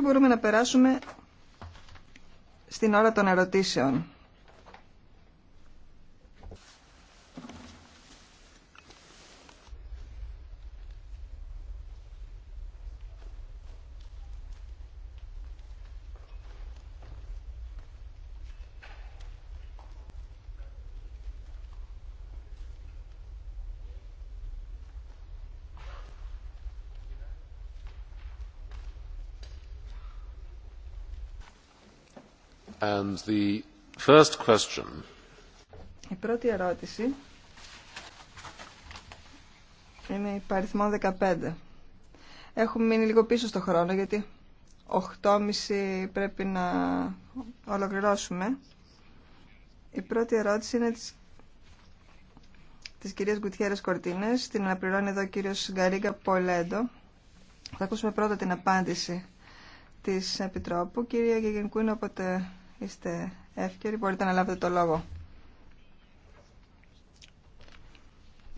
και μπορούμε να περάσουμε στην ώρα των ερωτήσεων. Η πρώτη ερώτηση είναι η παριθμό 15. Έχουμε μείνει λίγο πίσω στο χρόνο γιατί 8.30 πρέπει να ολοκληρώσουμε. Η πρώτη ερώτηση είναι της, της κυρίας Γκουτιέρες Κορτίνες. Την αναπληρώνει εδώ ο κύριος Γκαρίγκα Πολέντο. Θα ακούσουμε πρώτα την απάντηση της Επιτρόπου. Κυρία Γεγενκού είναι όποτε Είστε εύκαιροι, μπορείτε να λάβετε το λόγο.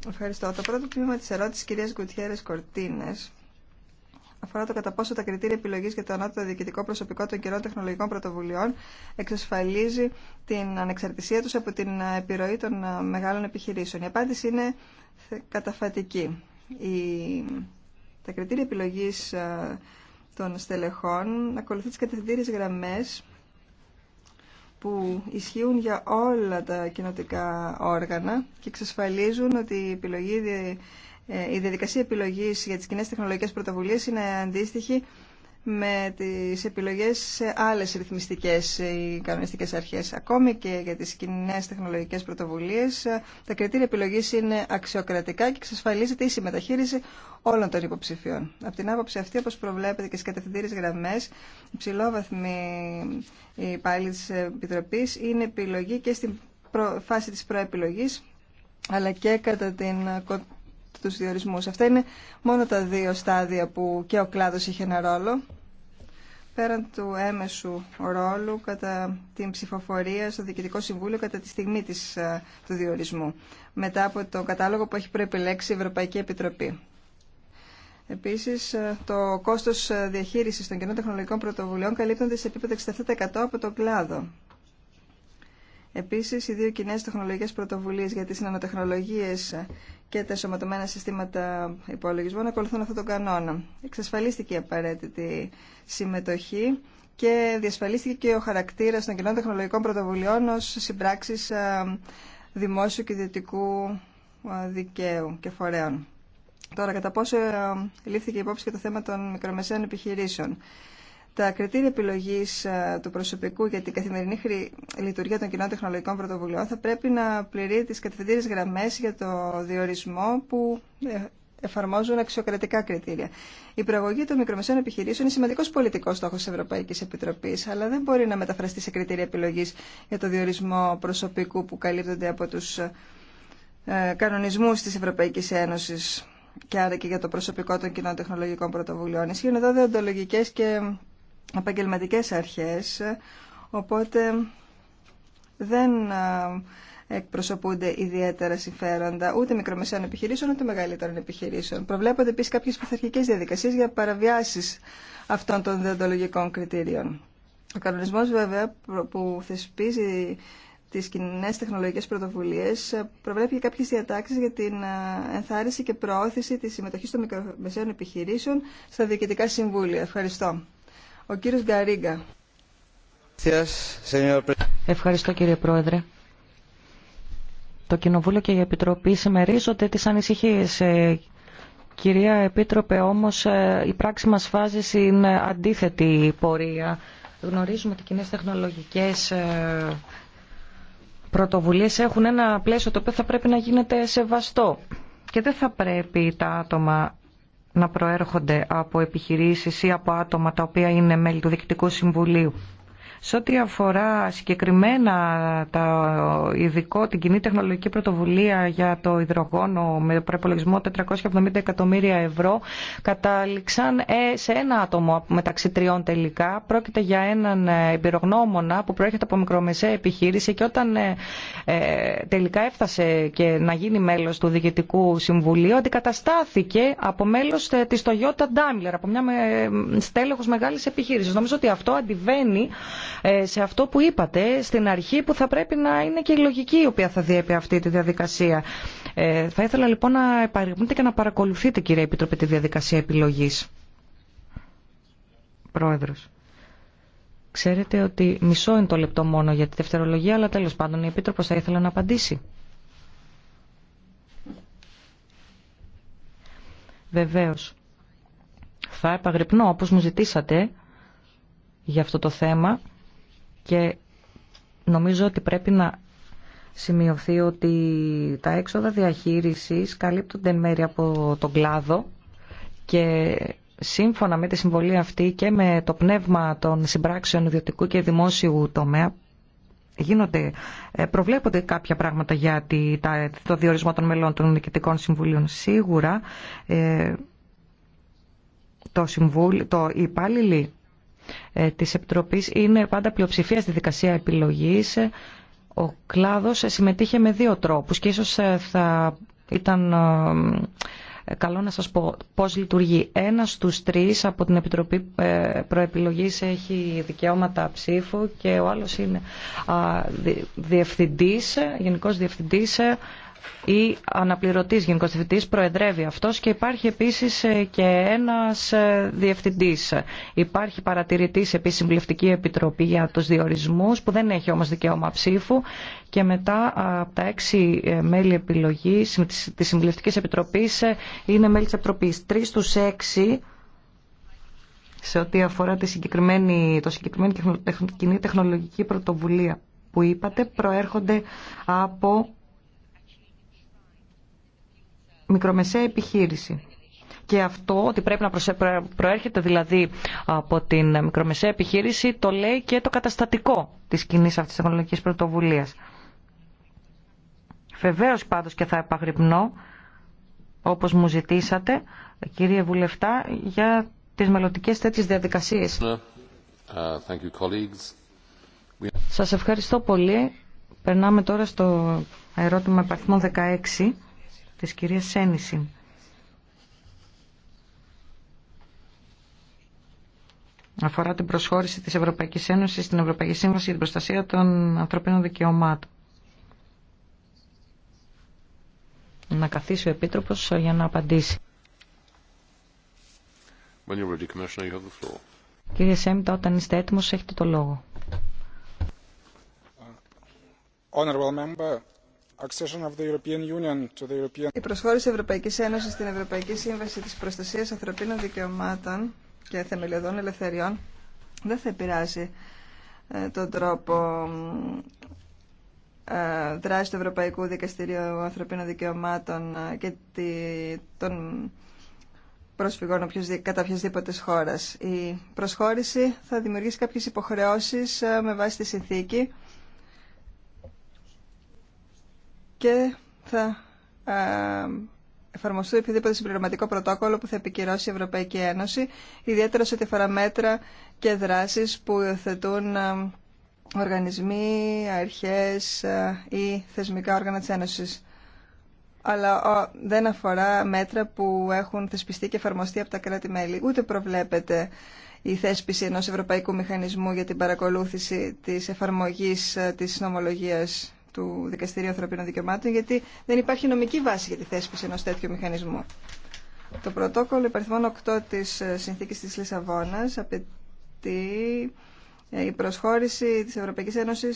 Ευχαριστώ. Το πρώτο τμήμα της ερώτησης κυρίας Γκουτιέρες Κορτίνες αφορά το κατά πόσο τα κριτήρια επιλογή για το ανώτατο διοικητικό προσωπικό των καιρών τεχνολογικών πρωτοβουλειών εξασφαλίζει την ανεξαρτησία του από την επιρροή των μεγάλων επιχειρήσεων. Η απάντηση είναι καταφατική. Η... Τα κριτήρια επιλογή ε, των στελεχών ακολουθεί τι κατευθυντήριε γραμμέ που ισχύουν για όλα τα κοινοτικά όργανα και εξασφαλίζουν ότι η, επιλογή, ε, η διαδικασία επιλογής για τις κοινέ τεχνολογικές πρωτοβουλίες είναι αντίστοιχη με τις επιλογές σε άλλες ρυθμιστικές ή κανονιστικές αρχές. Ακόμη και για τις κοινέ τεχνολογικές πρωτοβουλίες, τα κριτήρια επιλογής είναι αξιοκρατικά και εξασφαλίζεται η συμμεταχείριση όλων των υποψηφίων. Από την άποψη αυτή, όπως προβλέπετε και στις κατευθυντήριες γραμμές, ψηλόβαθμη υπάλληλη της Επιτροπής είναι επιλογή και στην φάση της προεπιλογής, αλλά και κατά την τους διορισμούς. Αυτά είναι μόνο τα δύο στάδια που και ο κλάδος είχε ένα ρόλο. Πέραν του έμεσου ρόλου κατά την ψηφοφορία στο Διοικητικό Συμβούλιο κατά τη στιγμή της, ε, του διορισμού. Μετά από το κατάλογο που έχει προεπιλέξει η Ευρωπαϊκή Επιτροπή. Επίσης, ε, το κόστος ε, διαχείρισης των κοινών τεχνολογικών πρωτοβουλειών καλύπτονται σε επίπεδο 67% από τον κλάδο. Επίσης, οι δύο κοινέ τεχνολογικές πρωτοβουλίες για τις νανοτεχνολογίες και τα σωματωμένα συστήματα υπολογισμών ακολουθούν αυτόν τον κανόνα. Εξασφαλίστηκε η απαραίτητη συμμετοχή και διασφαλίστηκε και ο χαρακτήρας των κοινών τεχνολογικών πρωτοβουλειών ως συμπράξεις δημόσιου και ιδιωτικού δικαίου και φορέων. Τώρα, κατά πόσο ε, λήφθηκε υπόψη και το θέμα των μικρομεσαίων επιχειρήσεων τα κριτήρια επιλογή ε, του προσωπικού για την καθημερινή λειτουργία των κοινών τεχνολογικών πρωτοβουλειών θα πρέπει να πληρεί τι κατευθυντήριε γραμμέ για το διορισμό που ε, εφαρμόζουν αξιοκρατικά κριτήρια. Η προαγωγή των μικρομεσαίων επιχειρήσεων είναι σημαντικό πολιτικό στόχο τη Ευρωπαϊκή Επιτροπή, αλλά δεν μπορεί να μεταφραστεί σε κριτήρια επιλογή για το διορισμό προσωπικού που καλύπτονται από του ε, κανονισμού τη Ευρωπαϊκή Ένωση και άρα και για το προσωπικό των κοινών τεχνολογικών πρωτοβουλειών. Ισχύουν εδώ και Επαγγελματικέ αρχές, οπότε δεν ε, εκπροσωπούνται ιδιαίτερα συμφέροντα ούτε μικρομεσαίων επιχειρήσεων ούτε μεγαλύτερων επιχειρήσεων. Προβλέπονται επίση κάποιε πειθαρχικέ διαδικασίε για παραβιάσει αυτών των διοντολογικών κριτήριων. Ο κανονισμό, βέβαια, που θεσπίζει τι κοινέ τεχνολογικέ πρωτοβουλίε, ε, προβλέπει κάποιε διατάξει για την ε, ενθάρρυνση και προώθηση τη συμμετοχή των μικρομεσαίων επιχειρήσεων στα διοικητικά συμβούλια. Ευχαριστώ. Ο κύριος Γκαρίγκα. Ευχαριστώ κύριε Πρόεδρε. Το Κοινοβούλιο και η Επιτροπή συμμερίζονται τις ανησυχίες. Ε, κυρία Επίτροπε, όμως ε, η πράξη μας φάζει στην αντίθετη πορεία. Γνωρίζουμε ότι οι κοινές τεχνολογικές ε, πρωτοβουλίες έχουν ένα πλαίσιο το οποίο θα πρέπει να γίνεται σεβαστό. Και δεν θα πρέπει τα άτομα να προέρχονται από επιχειρήσεις ή από άτομα τα οποία είναι μέλη του Διοικητικού Συμβουλίου σε ό,τι αφορά συγκεκριμένα τα ειδικό, την κοινή τεχνολογική πρωτοβουλία για το υδρογόνο με προπολογισμό 470 εκατομμύρια ευρώ, κατάληξαν ε, σε ένα άτομο μεταξύ τριών τελικά. Πρόκειται για έναν ε, εμπειρογνώμονα που προέρχεται από μικρομεσαία επιχείρηση και όταν ε, τελικά έφτασε και να γίνει μέλος του Διοικητικού Συμβουλίου, αντικαταστάθηκε από μέλος της Toyota Daimler, από μια στέλεχος μεγάλης επιχείρησης. Νομίζω ότι αυτό αντιβαίνει ε, σε αυτό που είπατε στην αρχή που θα πρέπει να είναι και η λογική η οποία θα διέπει αυτή τη διαδικασία. Ε, θα ήθελα λοιπόν να επαρρυπνείτε και να παρακολουθείτε κύριε Επίτροπε, τη διαδικασία επιλογής. Πρόεδρος. Ξέρετε ότι μισό είναι το λεπτό μόνο για τη δευτερολογία, αλλά τέλος πάντων η Επίτροπος θα ήθελα να απαντήσει. Βεβαίως. Θα επαγρυπνώ, όπως μου ζητήσατε, για αυτό το θέμα και νομίζω ότι πρέπει να σημειωθεί ότι τα έξοδα διαχείρισης καλύπτονται εν από τον κλάδο και σύμφωνα με τη συμβολή αυτή και με το πνεύμα των συμπράξεων ιδιωτικού και δημόσιου τομέα γίνονται, ε, προβλέπονται κάποια πράγματα για το διορισμό των μελών των νοικητικών Συμβουλίων. Σίγουρα ε, το συμβούλιο, το, υπάλληλοι ε, της Επιτροπής είναι πάντα πλειοψηφία στη δικασία επιλογής. Ο κλάδος συμμετείχε με δύο τρόπους και ίσως ε, θα ήταν ε, καλό να σας πω πώς λειτουργεί. Ένας στους τρεις από την Επιτροπή Προεπιλογής έχει δικαιώματα ψήφου και ο άλλος είναι διευθυντής, γενικός διευθυντής ή αναπληρωτή γενικό διευθυντή, προεδρεύει αυτός και υπάρχει επίση ε, και ένας ε, διευθυντή. Υπάρχει παρατηρητή επίση συμβουλευτική επιτροπή για του διορισμούς που δεν έχει όμω δικαίωμα ψήφου και μετά από τα έξι ε, μέλη επιλογή της συμβουλευτική επιτροπή είναι μέλη τη Επιτροπή Τρει στου έξι σε ό,τι αφορά τη το συγκεκριμένη κοινή τεχνολογική πρωτοβουλία που είπατε προέρχονται από μικρομεσαία επιχείρηση. Και αυτό ότι πρέπει να προέρχεται δηλαδή από την μικρομεσαία επιχείρηση το λέει και το καταστατικό της κοινή αυτής της τεχνολογικής πρωτοβουλίας. Βεβαίω πάντως και θα επαγρυπνώ, όπως μου ζητήσατε, κύριε Βουλευτά, για τις μελλοντικές τέτοιες διαδικασίες. Uh, thank Σας ευχαριστώ πολύ. Περνάμε τώρα στο ερώτημα 16 της κυρίας Σένισιν. Αφορά την προσχώρηση της Ευρωπαϊκής Ένωσης στην Ευρωπαϊκή Σύμβαση για την Προστασία των Ανθρωπίνων Δικαιωμάτων. Να καθίσει ο Επίτροπος για να απαντήσει. ready, Κύριε Σέμιτα, όταν είστε έτοιμος έχετε το λόγο. Honorable member, η προσχώρηση Ευρωπαϊκής Ένωσης στην Ευρωπαϊκή Σύμβαση της Προστασίας Ανθρωπίνων Δικαιωμάτων και Θεμελιωδών Ελευθεριών δεν θα επηρεάσει ε, τον τρόπο ε, δράση του Ευρωπαϊκού Δικαστηρίου Ανθρωπίνων Δικαιωμάτων ε, και των πρόσφυγων κατά οποιασδήποτε χώρα. Η προσχώρηση θα δημιουργήσει κάποιες υποχρεώσεις με βάση τη συνθήκη και θα εφαρμοστεί οποιοδήποτε συμπληρωματικό πρωτόκολλο που θα επικυρώσει η Ευρωπαϊκή Ένωση, ιδιαίτερα σε ό,τι αφορά μέτρα και δράσεις που υιοθετούν οργανισμοί, αρχές ή θεσμικά όργανα της Ένωσης. Αλλά δεν αφορά μέτρα που έχουν θεσπιστεί και εφαρμοστεί από τα κράτη-μέλη. Ούτε προβλέπεται η θέσπιση ενός ευρωπαϊκού μηχανισμού για την παρακολούθηση της εφαρμογής της νομολογίας του Δικαστηρίου Ανθρωπίνων Δικαιωμάτων, γιατί δεν υπάρχει νομική βάση για τη θέσπιση ενό τέτοιου μηχανισμού. Το πρωτόκολλο υπαριθμών 8 τη ε, συνθήκη τη Λισαβόνα απαιτεί ε, η προσχώρηση της Ευρωπαϊκής Ένωση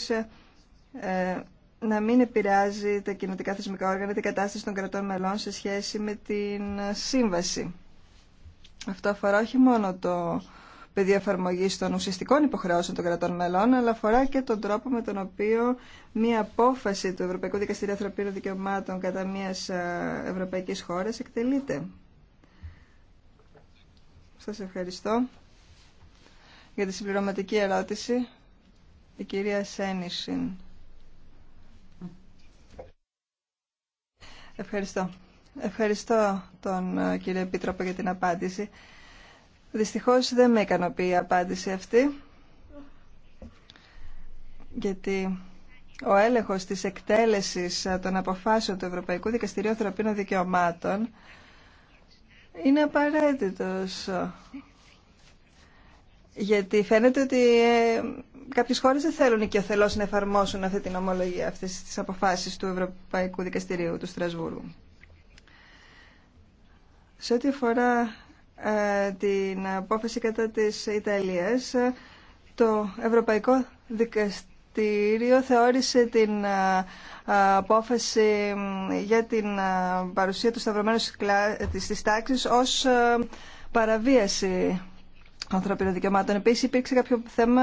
ε, να μην επηρεάζει τα κοινοτικά θεσμικά όργανα την κατάσταση των κρατών μελών σε σχέση με την σύμβαση. Αυτό αφορά όχι μόνο το πεδίο εφαρμογή των ουσιαστικών υποχρεώσεων των κρατών μελών, αλλά αφορά και τον τρόπο με τον οποίο μία απόφαση του Ευρωπαϊκού Δικαστηρίου Ανθρωπίνων Δικαιωμάτων κατά μια ε, ευρωπαϊκή χώρα εκτελείται. Σα ευχαριστώ για τη συμπληρωματική ερώτηση. Η κυρία Σένισιν. Ευχαριστώ. Ευχαριστώ τον ε, κύριο Επίτροπο για την απάντηση. Δυστυχώς δεν με ικανοποιεί η απάντηση αυτή, γιατί ο έλεγχος της εκτέλεσης των αποφάσεων του Ευρωπαϊκού Δικαστηρίου Ανθρωπίνων Δικαιωμάτων είναι απαραίτητος. Γιατί φαίνεται ότι ε, κάποιες χώρες δεν θέλουν και οθελώς να εφαρμόσουν αυτή την ομολογία, αυτές τις αποφάσεις του Ευρωπαϊκού Δικαστηρίου του Στρασβούργου. Σε ό,τι αφορά ε, την απόφαση κατά της Ιταλίας, το Ευρωπαϊκό Δικαστήριο θεώρησε την ε, απόφαση για την ε, παρουσία του σταυρωμένου της τάξης ως παραβίαση ανθρωπίνων δικαιωμάτων. Επίσης υπήρξε κάποιο θέμα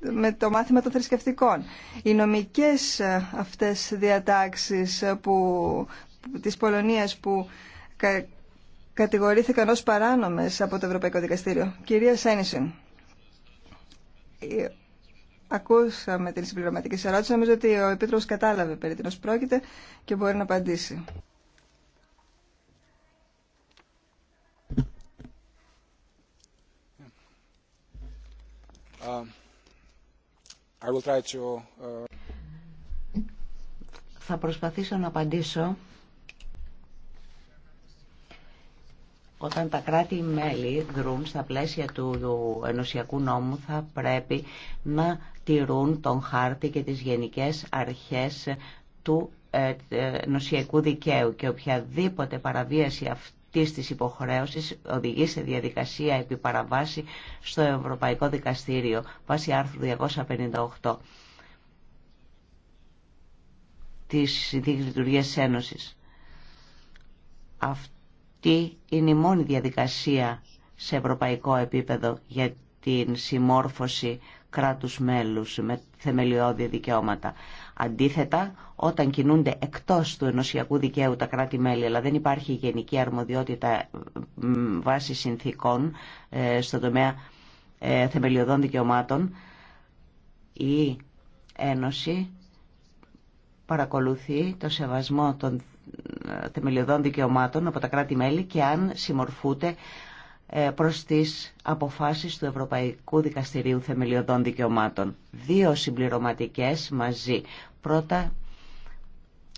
με το μάθημα των θρησκευτικών. Οι νομικές αυτές διατάξεις που, της Πολωνίας που κατηγορήθηκαν ως παράνομες από το Ευρωπαϊκό Δικαστήριο. Κυρία Σένισιν, ε, ακούσαμε την συμπληρωματική σας ερώτηση. Νομίζω ότι ο Επίτροπος κατάλαβε περί την πρόκειται και μπορεί να απαντήσει. Ε, ε, Θα προσπαθήσω να απαντήσω Όταν τα κράτη-μέλη δρούν στα πλαίσια του ενωσιακού νόμου θα πρέπει να τηρούν τον χάρτη και τις γενικές αρχές του ε, ε, ενωσιακού δικαίου και οποιαδήποτε παραβίαση αυτής της υποχρέωσης οδηγεί σε διαδικασία επιπαραβάση στο Ευρωπαϊκό Δικαστήριο βάσει άρθρου 258 της Συνθήκης Λειτουργίας Ένωσης τι είναι η μόνη διαδικασία σε ευρωπαϊκό επίπεδο για την συμμόρφωση κράτους μέλους με θεμελιώδη δικαιώματα. Αντίθετα, όταν κινούνται εκτός του ενωσιακού δικαίου τα κράτη-μέλη, αλλά δεν υπάρχει γενική αρμοδιότητα βάσει συνθήκων ε, στον τομέα ε, θεμελιωδών δικαιωμάτων, η Ένωση παρακολουθεί το σεβασμό των θεμελιωδών δικαιωμάτων από τα κράτη-μέλη και αν συμμορφούνται ε, προς τις αποφάσεις του Ευρωπαϊκού Δικαστηρίου Θεμελιωδών Δικαιωμάτων. Δύο συμπληρωματικές μαζί. Πρώτα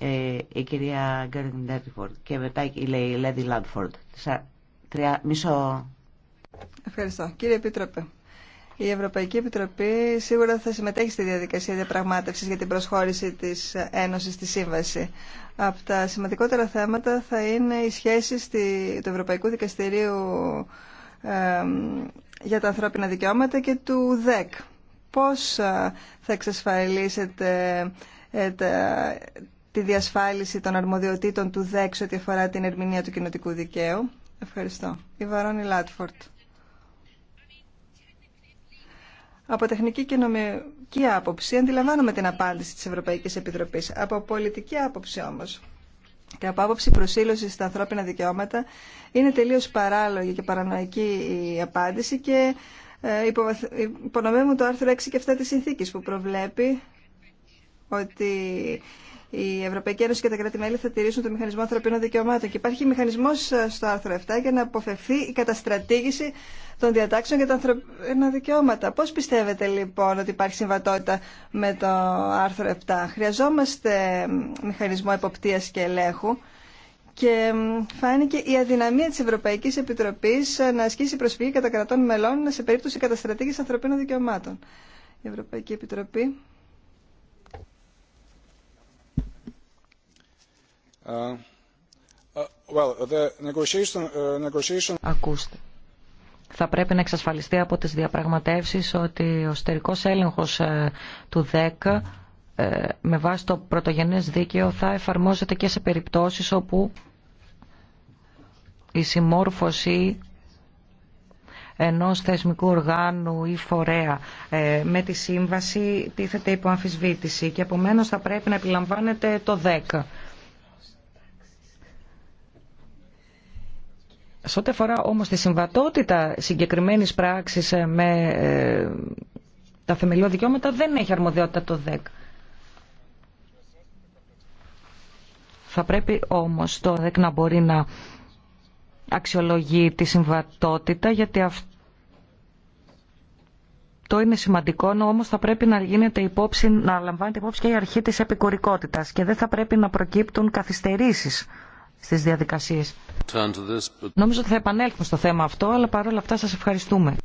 ε, η κυρία Γκέρντιν και μετά η Λέδη Λάντφορντ. Μισό... Ευχαριστώ. Κύριε Επίτροπε, η Ευρωπαϊκή Επιτροπή σίγουρα θα συμμετέχει στη διαδικασία διαπραγμάτευσης για την προσχώρηση της Ένωσης στη Σύμβαση. Από τα σημαντικότερα θέματα θα είναι οι σχέσεις του Ευρωπαϊκού Δικαστηρίου για τα ανθρώπινα δικαιώματα και του ΔΕΚ. Πώς ε, θα εξασφαλίσετε ε, τη διασφάλιση των αρμοδιοτήτων του ΔΕΚ σε ό,τι αφορά την ερμηνεία του κοινοτικού δικαίου. Ευχαριστώ. Η Βαρόνι Λάτφορτ. Από τεχνική και νομική άποψη αντιλαμβάνομαι την απάντηση της Ευρωπαϊκής Επιτροπής. Από πολιτική άποψη όμως και από άποψη προσήλωση στα ανθρώπινα δικαιώματα είναι τελείως παράλογη και παρανοϊκή η απάντηση και ε, υπονομεύουν το άρθρο 6 και 7 της συνθήκης που προβλέπει ότι η Ευρωπαϊκή Ένωση και τα κράτη-μέλη θα τηρήσουν το μηχανισμό ανθρωπίνων δικαιωμάτων. Και υπάρχει μηχανισμό ε, στο άρθρο 7 για να αποφευθεί η καταστρατήγηση των διατάξεων για τα ανθρωπίνα δικαιώματα. Πώ πιστεύετε λοιπόν ότι υπάρχει συμβατότητα με το άρθρο 7. Χρειαζόμαστε μηχανισμό εποπτεία και ελέγχου. Και φάνηκε η αδυναμία τη Ευρωπαϊκή Επιτροπή ε, να ασκήσει προσφυγή κατά κρατών μελών σε περίπτωση καταστρατήγηση ανθρωπίνων δικαιωμάτων. Η Ευρωπαϊκή Επιτροπή. Uh, uh, uh, Ακούστε. Θα πρέπει να εξασφαλιστεί από τις διαπραγματεύσεις ότι ο στερικός έλεγχος ε, του ΔΕΚ ε, με βάση το πρωτογενές δίκαιο θα εφαρμόζεται και σε περιπτώσεις όπου η συμμόρφωση ενός θεσμικού οργάνου ή φορέα ε, με τη σύμβαση τίθεται υπό αμφισβήτηση και επομένως θα πρέπει να επιλαμβάνεται το 10. Σε ό,τι αφορά όμως τη συμβατότητα συγκεκριμένης πράξης ε, με ε, τα θεμελιώδη δικαιώματα δεν έχει αρμοδιότητα το ΔΕΚ. Θα πρέπει όμως το ΔΕΚ να μπορεί να αξιολογεί τη συμβατότητα γιατί αυτό είναι σημαντικό όμως θα πρέπει να γίνεται υπόψη, να λαμβάνεται υπόψη και η αρχή της επικουρικότητας και δεν θα πρέπει να προκύπτουν καθυστερήσεις στις διαδικασίες. Νομίζω ότι θα επανέλθουμε στο θέμα αυτό, αλλά παρόλα αυτά σας ευχαριστούμε.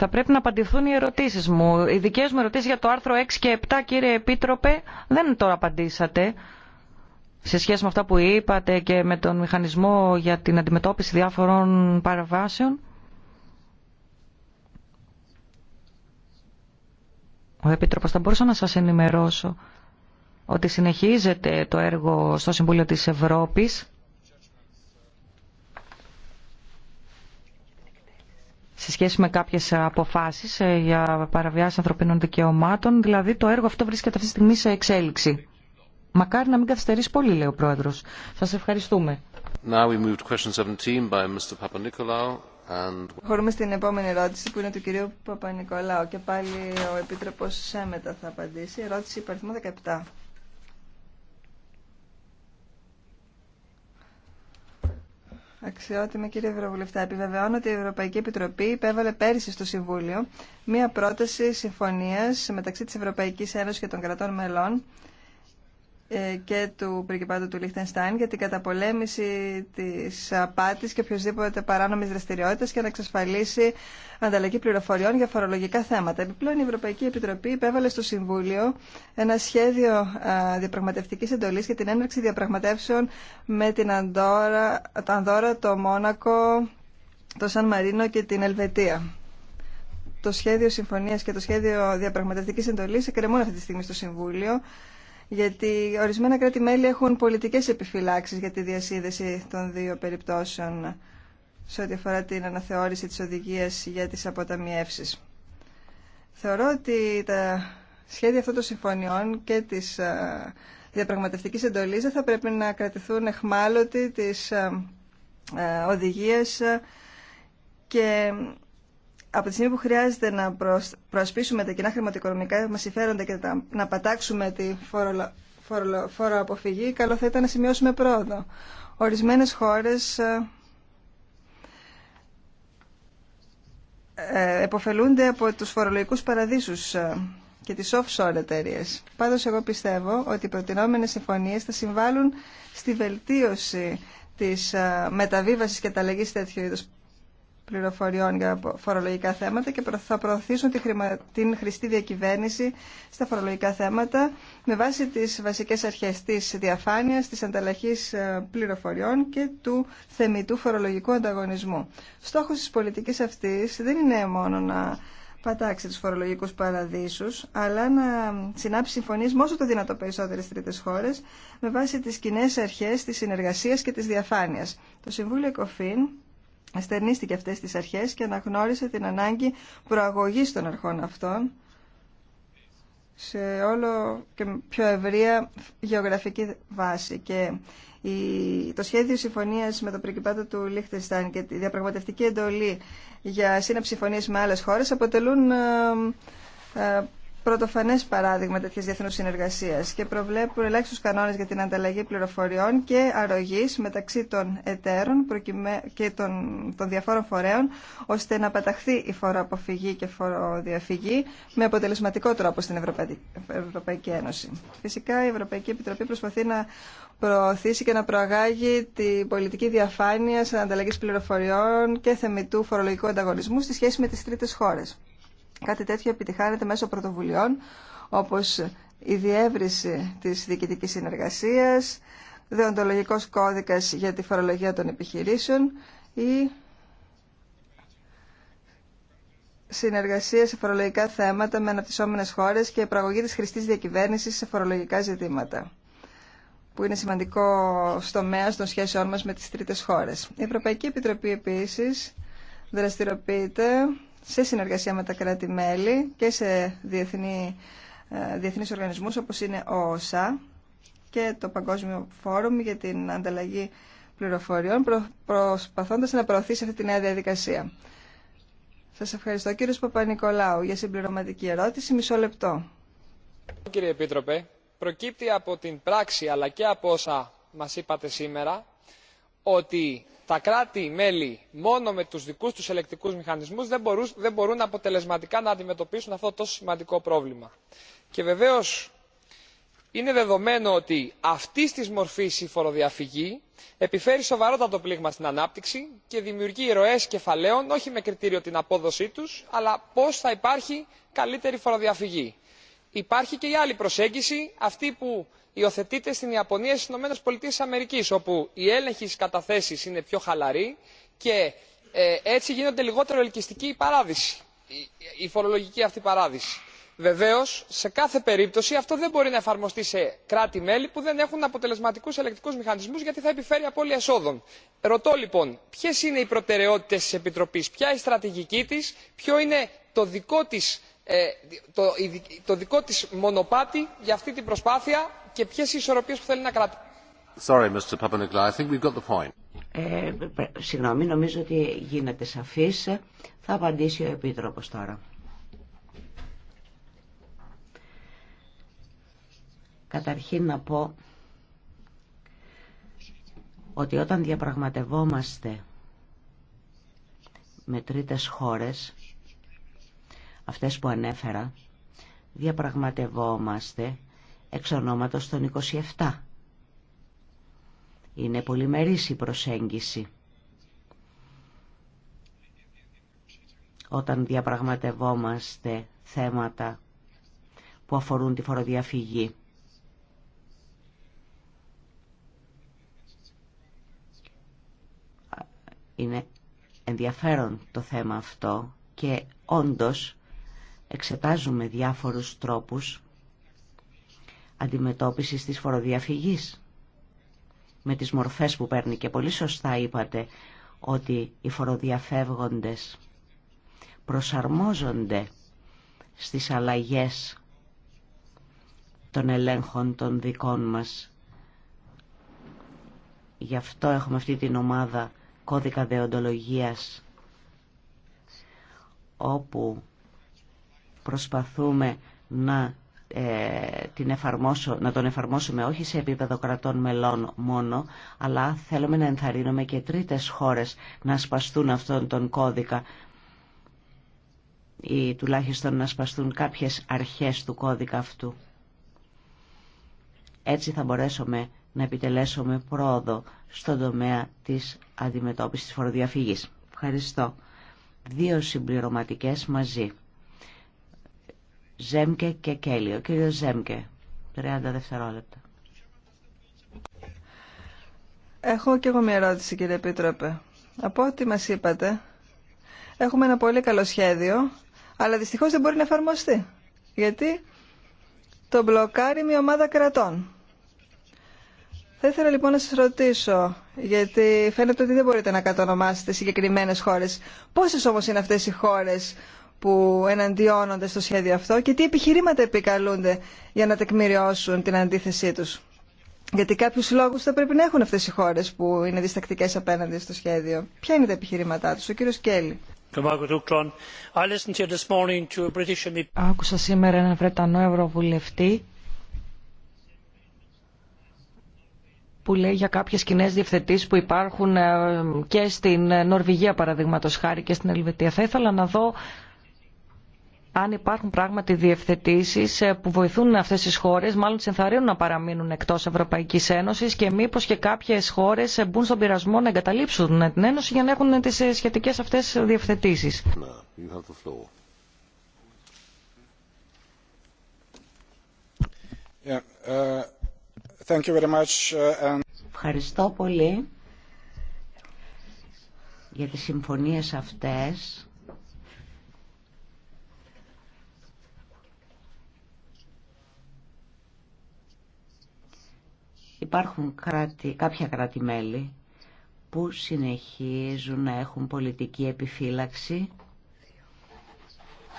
Θα πρέπει να απαντηθούν οι ερωτήσεις μου. Οι δικές μου ερωτήσεις για το άρθρο 6 και 7, κύριε Επίτροπε, δεν το απαντήσατε σε σχέση με αυτά που είπατε και με τον μηχανισμό για την αντιμετώπιση διάφορων παραβάσεων. Ο Επίτροπος θα μπορούσα να σας ενημερώσω ότι συνεχίζεται το έργο στο Συμβούλιο της Ευρώπης σε σχέση με κάποιες αποφάσεις ε, για παραβιάσεις ανθρωπίνων δικαιωμάτων. Δηλαδή το έργο αυτό βρίσκεται αυτή τη στιγμή σε εξέλιξη. Μακάρι να μην καθυστερήσει πολύ, λέει ο πρόεδρο. Σα ευχαριστούμε. Now στην επόμενη ερώτηση που είναι του κυρίου Παπα-Νικολάου και πάλι ο Επίτροπος Σέμετα θα απαντήσει. Ερώτηση υπαριθμό 17. Αξιότιμη κύριε Ευρωβουλευτά, επιβεβαιώνω ότι η Ευρωπαϊκή Επιτροπή υπέβαλε πέρυσι στο Συμβούλιο μία πρόταση συμφωνίας μεταξύ της Ευρωπαϊκής Ένωσης και των κρατών μελών ε, και του πριγκιπάτου του Λίχτενστάιν για την καταπολέμηση της απάτης και οποιοδήποτε παράνομης δραστηριότητας και να εξασφαλίσει ανταλλαγή πληροφοριών για φορολογικά θέματα. Επιπλέον η Ευρωπαϊκή Επιτροπή υπέβαλε στο Συμβούλιο ένα σχέδιο διαπραγματευτικής εντολής για την έναρξη διαπραγματεύσεων με την Ανδόρα, το, το Μόνακο, το Σαν Μαρίνο και την Ελβετία το σχέδιο συμφωνίας και το σχέδιο διαπραγματευτικής εντολής εκκρεμούν αυτή τη στιγμή στο Συμβούλιο γιατί ορισμένα κράτη-μέλη έχουν πολιτικές επιφυλάξεις για τη διασύνδεση των δύο περιπτώσεων σε ό,τι αφορά την αναθεώρηση της οδηγίας για τις αποταμιεύσεις. Θεωρώ ότι τα σχέδια αυτών των συμφωνιών και της ε, διαπραγματευτικής εντολής θα πρέπει να κρατηθούν εχμάλωτοι της ε, ε, οδηγίας και από τη στιγμή που χρειάζεται να προασπίσουμε τα κοινά χρηματοοικονομικά μας συμφέροντα και να πατάξουμε τη φοροαποφυγή, καλό θα ήταν να σημειώσουμε πρόοδο. Ορισμένες χώρες ε, ε, εποφελούνται από τους φορολογικούς παραδείσους ε, και τις offshore εταιρείε. Πάντως εγώ πιστεύω ότι οι προτινόμενε συμφωνίε θα συμβάλλουν στη βελτίωση της μεταβίβασης και ταλλαγή τέτοιου είδου πληροφοριών για φορολογικά θέματα και θα προωθήσουν την χρηστή διακυβέρνηση στα φορολογικά θέματα με βάση τις βασικές αρχές της διαφάνειας, της ανταλλαχής ε, πληροφοριών και του θεμητού φορολογικού ανταγωνισμού. Στόχος της πολιτικής αυτής δεν είναι μόνο να πατάξει τους φορολογικούς παραδείσους, αλλά να συνάψει συμφωνίες με όσο το δυνατό περισσότερες τρίτες χώρες με βάση τις κοινέ αρχές της συνεργασίας και της διαφάνειας. Το Συμβούλιο Εκοφήν αστερνίστηκε αυτές τις αρχές και αναγνώρισε την ανάγκη προαγωγής των αρχών αυτών σε όλο και πιο ευρεία γεωγραφική βάση. Και το σχέδιο συμφωνίας με το πρικυπάτο του λίχτεσταν και τη διαπραγματευτική εντολή για σύναψη συμφωνίες με άλλες χώρες αποτελούν ε, ε, πρωτοφανέ παράδειγμα τέτοια διεθνού συνεργασία και προβλέπουν ελάχιστου κανόνε για την ανταλλαγή πληροφοριών και αρρωγή μεταξύ των εταίρων και των, διαφόρων φορέων, ώστε να παταχθεί η φοροαποφυγή και φοροδιαφυγή με αποτελεσματικό τρόπο στην Ευρωπαϊκή Ένωση. Φυσικά, η Ευρωπαϊκή Επιτροπή προσπαθεί να προωθήσει και να προαγάγει την πολιτική διαφάνεια ανταλλαγή πληροφοριών και θεμητού φορολογικού ανταγωνισμού στη σχέση με τι τρίτε χώρε. Κάτι τέτοιο επιτυχάνεται μέσω πρωτοβουλειών όπως η διεύρυνση της διοικητικής συνεργασίας, δεοντολογικός κώδικας για τη φορολογία των επιχειρήσεων ή συνεργασία σε φορολογικά θέματα με αναπτυσσόμενες χώρες και η προαγωγή της χρηστής διακυβέρνησης σε φορολογικά ζητήματα που είναι σημαντικό στομέα των σχέσεών μας με τις τρίτες χώρες. Η Ευρωπαϊκή Επιτροπή επίσης δραστηριοποιείται σε συνεργασία με τα κράτη-μέλη και σε διεθνή, ε, διεθνείς οργανισμούς όπως είναι ο ΩΣΑ και το Παγκόσμιο Φόρουμ για την ανταλλαγή πληροφοριών προ, προσπαθώντας να προωθήσει αυτή τη νέα διαδικασία. Σας ευχαριστώ κύριο Παπα-Νικολάου για συμπληρωματική ερώτηση. Μισό λεπτό. Κύριε Επίτροπε, προκύπτει από την πράξη αλλά και από όσα μας είπατε σήμερα ότι τα κράτη μέλη μόνο με τους δικούς τους ελεκτικούς μηχανισμούς δεν μπορούν αποτελεσματικά να αντιμετωπίσουν αυτό το σημαντικό πρόβλημα. και βεβαίως είναι δεδομένο ότι αυτή τη μορφή η φοροδιαφυγή επιφέρει σοβαρότατο πλήγμα στην ανάπτυξη και δημιουργεί ροές κεφαλαίων όχι με κριτήριο την απόδοσή τους αλλά πώς θα υπάρχει καλύτερη φοροδιαφυγή. υπάρχει και η άλλη προσέγγιση αυτή που υιοθετείται στην ιαπωνία στι ηνωμένε πολιτείε όπου η έλεγχοι στι καταθέσεις είναι πιο χαλαρή και ε, έτσι γίνονται λιγότερο ελκυστική η παράδειση η φορολογική αυτή παράδειση. βεβαίω σε κάθε περίπτωση αυτό δεν μπορεί να εφαρμοστεί σε κράτη μέλη που δεν έχουν αποτελεσματικού ελεγκτικού μηχανισμού γιατί θα επιφέρει απώλεια εσόδων. ρωτώ λοιπόν ποιε είναι οι προτεραιότητε τη επιτροπή ποια η στρατηγική τη ποιο είναι το δικό τη ε, μονοπάτι για αυτή την προσπάθεια και ποιες οι που θέλει να κρατήσει. Ε, συγγνώμη, νομίζω ότι γίνεται σαφής. Θα απαντήσει ο Επίτροπος τώρα. Καταρχήν να πω ότι όταν διαπραγματευόμαστε με τρίτες χώρες, αυτές που ανέφερα, διαπραγματευόμαστε εξ ονόματος των 27. Είναι πολυμερής η προσέγγιση. Όταν διαπραγματευόμαστε θέματα που αφορούν τη φοροδιαφυγή. Είναι ενδιαφέρον το θέμα αυτό και όντως εξετάζουμε διάφορους τρόπους αντιμετώπισης της φοροδιαφυγής με τις μορφές που παίρνει και πολύ σωστά είπατε ότι οι φοροδιαφεύγοντες προσαρμόζονται στις αλλαγές των ελέγχων των δικών μας. Γι' αυτό έχουμε αυτή την ομάδα κώδικα δεοντολογίας όπου προσπαθούμε να ε, την εφαρμόσω, να τον εφαρμόσουμε όχι σε επίπεδο κρατών μελών μόνο, αλλά θέλουμε να ενθαρρύνουμε και τρίτες χώρες να σπαστούν αυτόν τον κώδικα ή τουλάχιστον να σπαστούν κάποιες αρχές του κώδικα αυτού. Έτσι θα μπορέσουμε να επιτελέσουμε πρόοδο στον τομέα της αντιμετώπισης της φοροδιαφυγής. Ευχαριστώ. Δύο συμπληρωματικές μαζί. Ζέμκε και Κέλλη. Ο κύριος Ζέμκε, 30 δευτερόλεπτα. Έχω και εγώ μια ερώτηση κύριε Επίτροπε. Από ό,τι μας είπατε, έχουμε ένα πολύ καλό σχέδιο, αλλά δυστυχώς δεν μπορεί να εφαρμοστεί. Γιατί το μπλοκάρει μια ομάδα κρατών. Θα ήθελα λοιπόν να σας ρωτήσω, γιατί φαίνεται ότι δεν μπορείτε να κατονομάσετε συγκεκριμένες χώρες. Πόσες όμως είναι αυτές οι χώρες που εναντιώνονται στο σχέδιο αυτό και τι επιχειρήματα επικαλούνται για να τεκμηριώσουν την αντίθεσή τους. Γιατί κάποιου λόγου θα πρέπει να έχουν αυτέ οι χώρε που είναι διστακτικέ απέναντι στο σχέδιο. Ποια είναι τα επιχειρήματά του, ο κύριο Κέλλη. Άκουσα σήμερα έναν Βρετανό Ευρωβουλευτή που λέει για κάποιες κοινέ διευθετήσεις που υπάρχουν ε, και στην Νορβηγία παραδείγματος χάρη και στην Ελβετία. Θα ήθελα να δω αν υπάρχουν πράγματι διευθετήσεις ε, που βοηθούν αυτές τι χώρε, μάλλον τι ενθαρρύνουν να παραμείνουν εκτός Ευρωπαϊκής Ένωση και μήπω και κάποιες χώρε ε, μπουν στον πειρασμό να εγκαταλείψουν την Ένωση για να έχουν τι ε, σχετικέ αυτές διευθετήσεις. Ευχαριστώ πολύ για τις συμφωνίες αυτές υπαρχουν κράτη, κάποια κράτη-μέλη που συνεχίζουν να έχουν πολιτική επιφύλαξη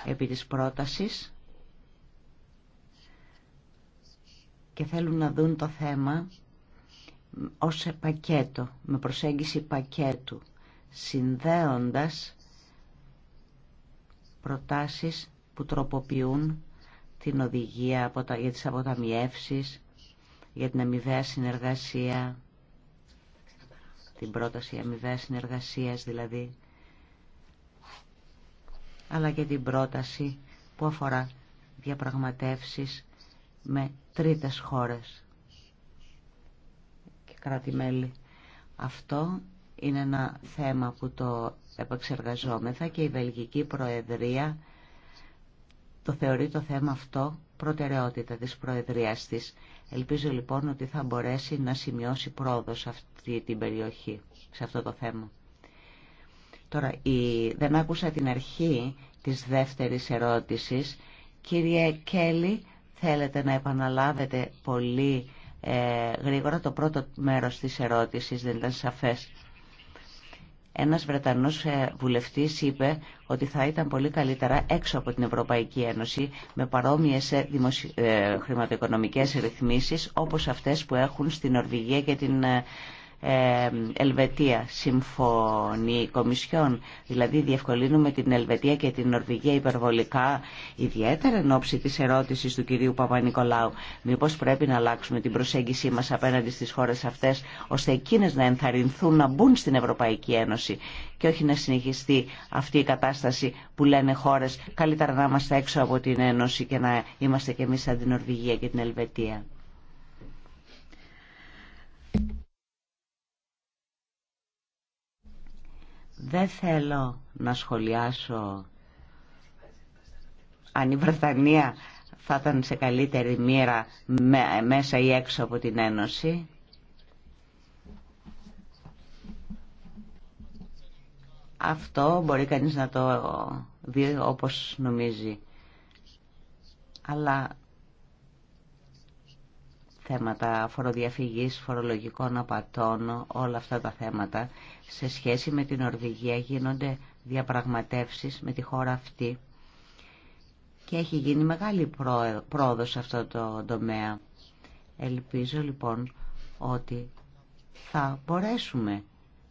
επί της πρότασης και θέλουν να δουν το θέμα ως πακέτο, με προσέγγιση πακέτου, συνδέοντας προτάσεις που τροποποιούν την οδηγία για τις αποταμιεύσεις, για την αμοιβαία συνεργασία, την πρόταση αμοιβαία συνεργασίας δηλαδή, αλλά και την πρόταση που αφορά διαπραγματεύσεις με τρίτες χώρες και κράτη-μέλη. Αυτό είναι ένα θέμα που το επεξεργαζόμεθα και η Βελγική Προεδρία το θεωρεί το θέμα αυτό προτεραιότητα της Προεδρίας της. Ελπίζω λοιπόν ότι θα μπορέσει να σημειώσει πρόοδο σε αυτή την περιοχή, σε αυτό το θέμα. Τώρα, η... δεν άκουσα την αρχή της δεύτερης ερώτησης. Κύριε Κέλλη, θέλετε να επαναλάβετε πολύ ε, γρήγορα το πρώτο μέρος της ερώτησης, δεν ήταν σαφές. Ένας Βρετανός ε, βουλευτής είπε ότι θα ήταν πολύ καλύτερα έξω από την Ευρωπαϊκή Ένωση με παρόμοιες ε, δημοσι... Ε, χρηματοοικονομικές ρυθμίσεις όπως αυτές που έχουν στην Νορβηγία και την ε, Ελβετία. Συμφωνεί η Κομισιόν. Δηλαδή διευκολύνουμε την Ελβετία και την Νορβηγία υπερβολικά, ιδιαίτερα εν ώψη της ερώτησης του κυρίου Παπα-Νικολάου. Μήπως πρέπει να αλλάξουμε την προσέγγιση μας απέναντι στις χώρες αυτές, ώστε εκείνες να ενθαρρυνθούν να μπουν στην Ευρωπαϊκή Ένωση και όχι να συνεχιστεί αυτή η κατάσταση που λένε χώρες καλύτερα να είμαστε έξω από την Ένωση και να είμαστε κι εμείς σαν την Νορβηγία και την Ελβετία. Δεν θέλω να σχολιάσω αν η Βρετανία θα ήταν σε καλύτερη μοίρα μέσα ή έξω από την Ένωση. Αυτό μπορεί κανείς να το δει όπως νομίζει. Αλλά θέματα φοροδιαφυγής, φορολογικών απατών, όλα αυτά τα θέματα. Σε σχέση με την Ορβηγία γίνονται διαπραγματεύσεις με τη χώρα αυτή και έχει γίνει μεγάλη πρόοδο σε αυτό το τομέα. Ελπίζω λοιπόν ότι θα μπορέσουμε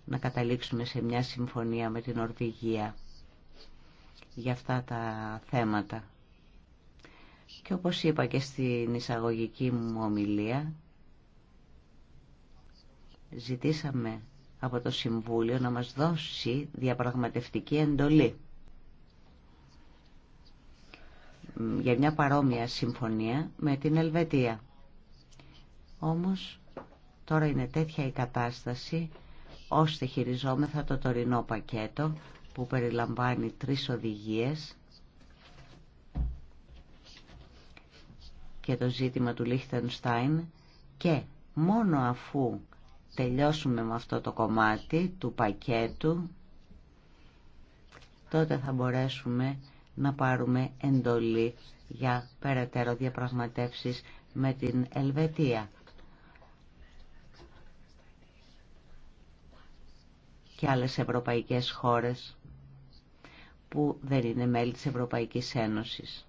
να καταλήξουμε σε μια συμφωνία με την Ορβηγία για αυτά τα θέματα. Και όπως είπα και στην εισαγωγική μου ομιλία, ζητήσαμε από το Συμβούλιο να μας δώσει διαπραγματευτική εντολή για μια παρόμοια συμφωνία με την Ελβετία. Όμως τώρα είναι τέτοια η κατάσταση ώστε χειριζόμεθα το τωρινό πακέτο που περιλαμβάνει τρεις οδηγίες και το ζήτημα του Λίχτενστάιν και μόνο αφού τελειώσουμε με αυτό το κομμάτι του πακέτου τότε θα μπορέσουμε να πάρουμε εντολή για περαιτέρω διαπραγματεύσεις με την Ελβετία. και άλλες ευρωπαϊκές χώρες που δεν είναι μέλη της Ευρωπαϊκής Ένωσης.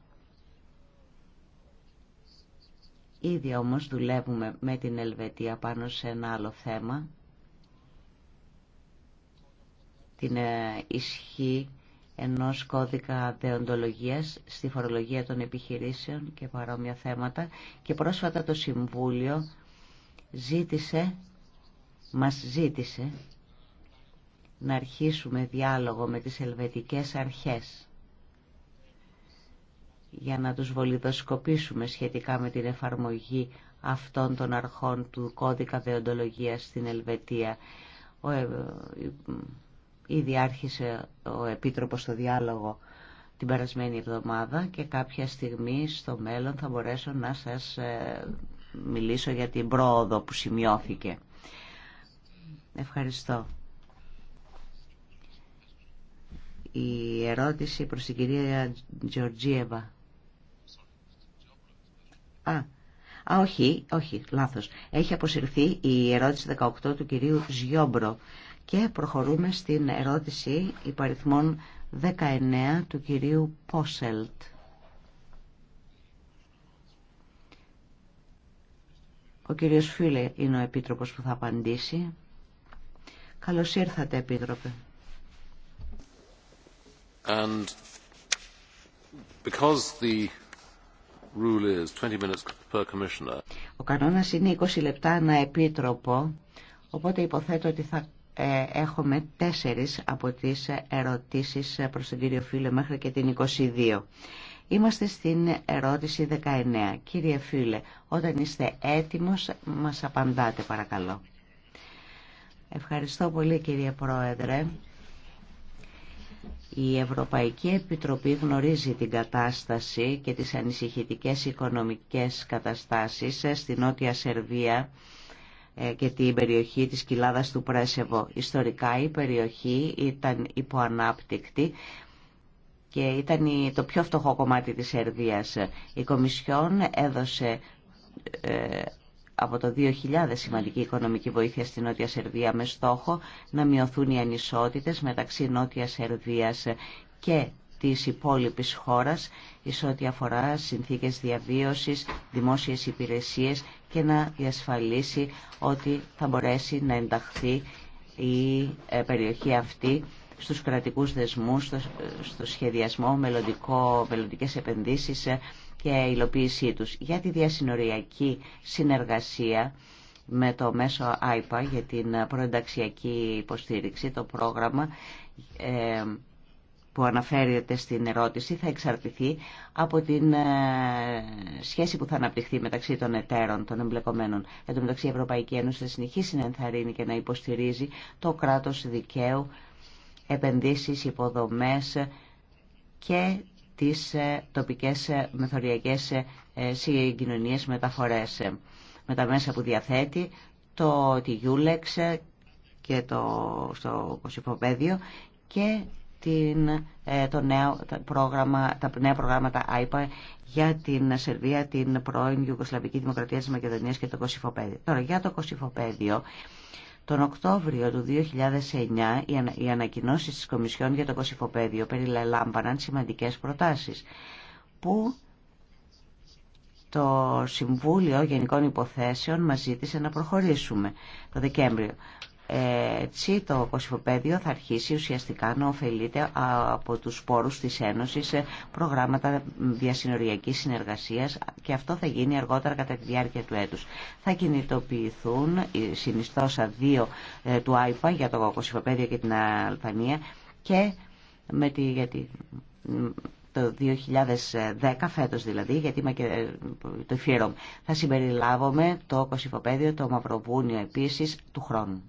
Ήδη όμως δουλεύουμε με την Ελβετία πάνω σε ένα άλλο θέμα, την ε, ισχύ ενός κώδικα δεοντολογίας στη φορολογία των επιχειρήσεων και παρόμοια θέματα και πρόσφατα το Συμβούλιο ζήτησε, μας ζήτησε να αρχίσουμε διάλογο με τις ελβετικές αρχές για να τους βολιδοσκοπήσουμε σχετικά με την εφαρμογή αυτών των αρχών του κώδικα δεοντολογίας στην Ελβετία. Ο, ε, ε, ήδη άρχισε ο Επίτροπος στο διάλογο την περασμένη εβδομάδα και κάποια στιγμή στο μέλλον θα μπορέσω να σας ε, μιλήσω για την πρόοδο που σημειώθηκε. Ευχαριστώ. Η ερώτηση προς την κυρία Τζορτζίεβα. Α, α όχι, όχι, λάθος. Έχει αποσυρθεί η ερώτηση 18 του κυρίου Ζιόμπρο. Και προχωρούμε στην ερώτηση υπαριθμών 19 του κυρίου Πόσελτ. Ο κύριος Φίλε είναι ο επίτροπος που θα απαντήσει. Καλώς ήρθατε, επίτροπε. And ο κανόνας είναι 20 λεπτά ανά επίτροπο, οπότε υποθέτω ότι θα ε, έχουμε τέσσερις από τις ερωτήσεις προς τον κύριο Φίλε μέχρι και την 22. Είμαστε στην ερώτηση 19. Κύριε Φίλε, όταν είστε έτοιμος, μας απαντάτε παρακαλώ. Ευχαριστώ πολύ κύριε Πρόεδρε. Η Ευρωπαϊκή Επιτροπή γνωρίζει την κατάσταση και τις ανησυχητικές οικονομικές καταστάσεις στη Νότια Σερβία ε, και την περιοχή της κοιλάδας του Πρέσεβο. Ιστορικά η περιοχή ήταν υποανάπτυκτη και ήταν το πιο φτωχό κομμάτι της Σερβίας. Η Κομισιόν έδωσε ε, από το 2000 σημαντική οικονομική βοήθεια στη Νότια Σερβία με στόχο να μειωθούν οι ανισότητες μεταξύ Νότια Σερβίας και της υπόλοιπης χώρας εις ό,τι αφορά συνθήκες διαβίωσης, δημόσιες υπηρεσίες και να διασφαλίσει ότι θα μπορέσει να ενταχθεί η ε, περιοχή αυτή στους κρατικούς δεσμούς, στο, σχεδιασμό, μελλοντικό, μελλοντικές επενδύσεις ε, και υλοποίησή τους. Για τη διασυνοριακή συνεργασία με το μέσο ΆΙΠΑ για την προενταξιακή υποστήριξη, το πρόγραμμα ε, που αναφέρεται στην ερώτηση θα εξαρτηθεί από την ε, σχέση που θα αναπτυχθεί μεταξύ των εταίρων, των εμπλεκομένων. Εν τω μεταξύ η Ευρωπαϊκή Ένωση θα συνεχίσει να ενθαρρύνει και να υποστηρίζει το κράτος δικαίου επενδύσεις, υποδομές και τις ε, τοπικές ε, μεθοριακές ε, συγκοινωνίες μεταφορές. Με τα μέσα που διαθέτει, το τη Γιούλεξ και το, στο Κωσυφοπέδιο και την, το νέο πρόγραμμα, τα νέα προγράμματα ΆΙΠΑ για την Σερβία, την πρώην Ιουγκοσλαβική Δημοκρατία της Μακεδονίας και το Κωσυφοπέδιο. Τώρα για το Κωσυφοπέδιο τον Οκτώβριο του 2009 οι ανακοινώσεις της Κομισιόν για το Κωσυφοπαίδιο περιλάμβαναν σημαντικές προτάσεις που το Συμβούλιο Γενικών Υποθέσεων μας ζήτησε να προχωρήσουμε το Δεκέμβριο. Έτσι το κοσυφοπαίδιο θα αρχίσει ουσιαστικά να ωφελείται από τους πόρους της Ένωσης προγράμματα διασυνοριακής συνεργασίας και αυτό θα γίνει αργότερα κατά τη διάρκεια του έτους. Θα κινητοποιηθούν συνιστώσα δύο ε, του ΆΙΠΑ για το κοσυφοπαίδιο και την Αλφανία και με τη, γιατί το 2010, φέτος δηλαδή, γιατί ε, το Θα συμπεριλάβουμε το Κωσυφοπαίδιο, το Μαυροβούνιο επίσης του χρόνου.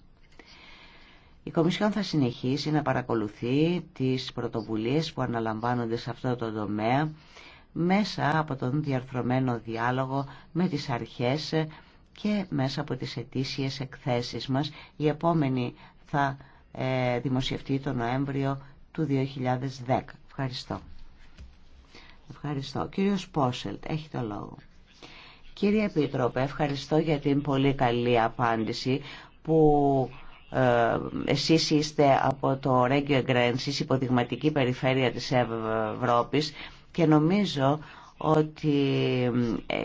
Η Κομισιόν θα συνεχίσει να παρακολουθεί τις πρωτοβουλίες που αναλαμβάνονται σε αυτό το τομέα μέσα από τον διαρθρωμένο διάλογο με τις αρχές και μέσα από τις ετήσιες εκθέσεις μας. Η επόμενη θα ε, δημοσιευτεί το Νοέμβριο του 2010. Ευχαριστώ. Ευχαριστώ. Κύριος Πόσελτ, έχει το λόγο. Κύριε Επίτροπε, ευχαριστώ για την πολύ καλή απάντηση που ε, εσείς είστε από το Regio Εγκρένσης, υποδειγματική περιφέρεια της Ευρώπης και νομίζω ότι ε,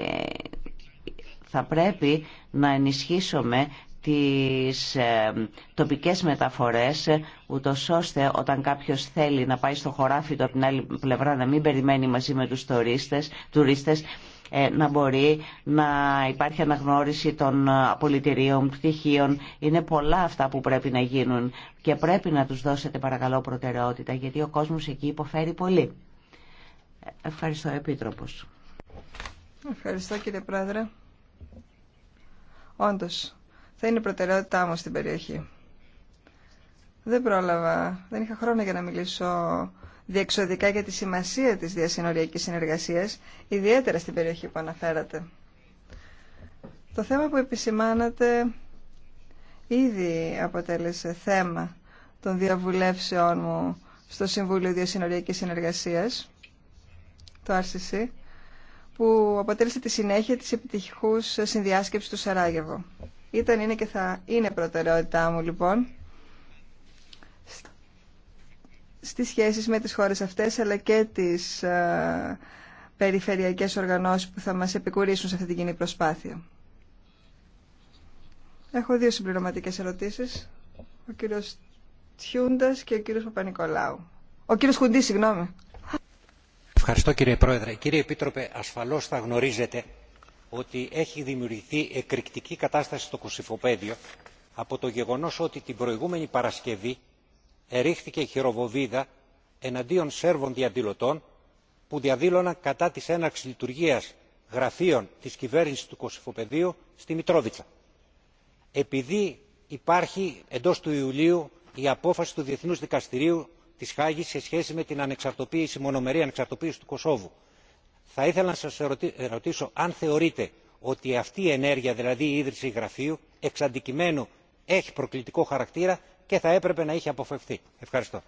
θα πρέπει να ενισχύσουμε τις ε, τοπικές μεταφορές ούτως ώστε όταν κάποιος θέλει να πάει στο χωράφι του από την άλλη πλευρά να μην περιμένει μαζί με τους τουρίστες, τουρίστες ε, να μπορεί να υπάρχει αναγνώριση των ε, απολυτηρίων πτυχίων. Είναι πολλά αυτά που πρέπει να γίνουν και πρέπει να τους δώσετε παρακαλώ προτεραιότητα γιατί ο κόσμος εκεί υποφέρει πολύ. Ευχαριστώ Επίτροπος. Ευχαριστώ κύριε Πρόεδρε. Όντως, θα είναι προτεραιότητά μου στην περιοχή. Δεν πρόλαβα, δεν είχα χρόνο για να μιλήσω διεξοδικά για τη σημασία της διασυνοριακής συνεργασίας, ιδιαίτερα στην περιοχή που αναφέρατε. Το θέμα που επισημάνατε ήδη αποτέλεσε θέμα των διαβουλεύσεών μου στο Συμβούλιο Διασυνοριακής Συνεργασίας, το RCC, που αποτέλεσε τη συνέχεια της επιτυχούς συνδιάσκεψης του Σαράγεβο. Ήταν, είναι και θα είναι προτεραιότητά μου λοιπόν στις σχέσεις με τις χώρες αυτές αλλά και τις περιφερειακέ περιφερειακές οργανώσεις που θα μας επικουρήσουν σε αυτή την κοινή προσπάθεια. Έχω δύο συμπληρωματικές ερωτήσεις. Ο κύριος Τιούντας και ο κύριος Παπα-Νικολάου. Ο κύριος Χουντή, συγγνώμη. Ευχαριστώ κύριε Πρόεδρε. Κύριε Επίτροπε, ασφαλώς θα γνωρίζετε ότι έχει δημιουργηθεί εκρηκτική κατάσταση στο Κωσυφοπαίδιο από το γεγονός ότι την προηγούμενη Παρασκευή ρίχθηκε χειροβοβίδα εναντίον σέρβων διαδηλωτών που διαδήλωναν κατά της έναρξης λειτουργίας γραφείων της κυβέρνησης του κωσυφοπεδίου στη μητρόβιτσα. επειδή υπάρχει εντός του ιουλίου η απόφαση του διεθνούς δικαστηρίου της χάγης σε σχέση με την ανεξαρτοποίηση μονομερή ανεξαρτοποίηση του κωσόβου θα ήθελα να σας ρωτήσω αν θεωρείτε ότι αυτή η ενέργεια δηλαδή η ίδρυση γραφείου εξ αντικειμένου έχει προκλητικό χαρακτήρα και θα έπρεπε να είχε αποφευθεί. Ευχαριστώ.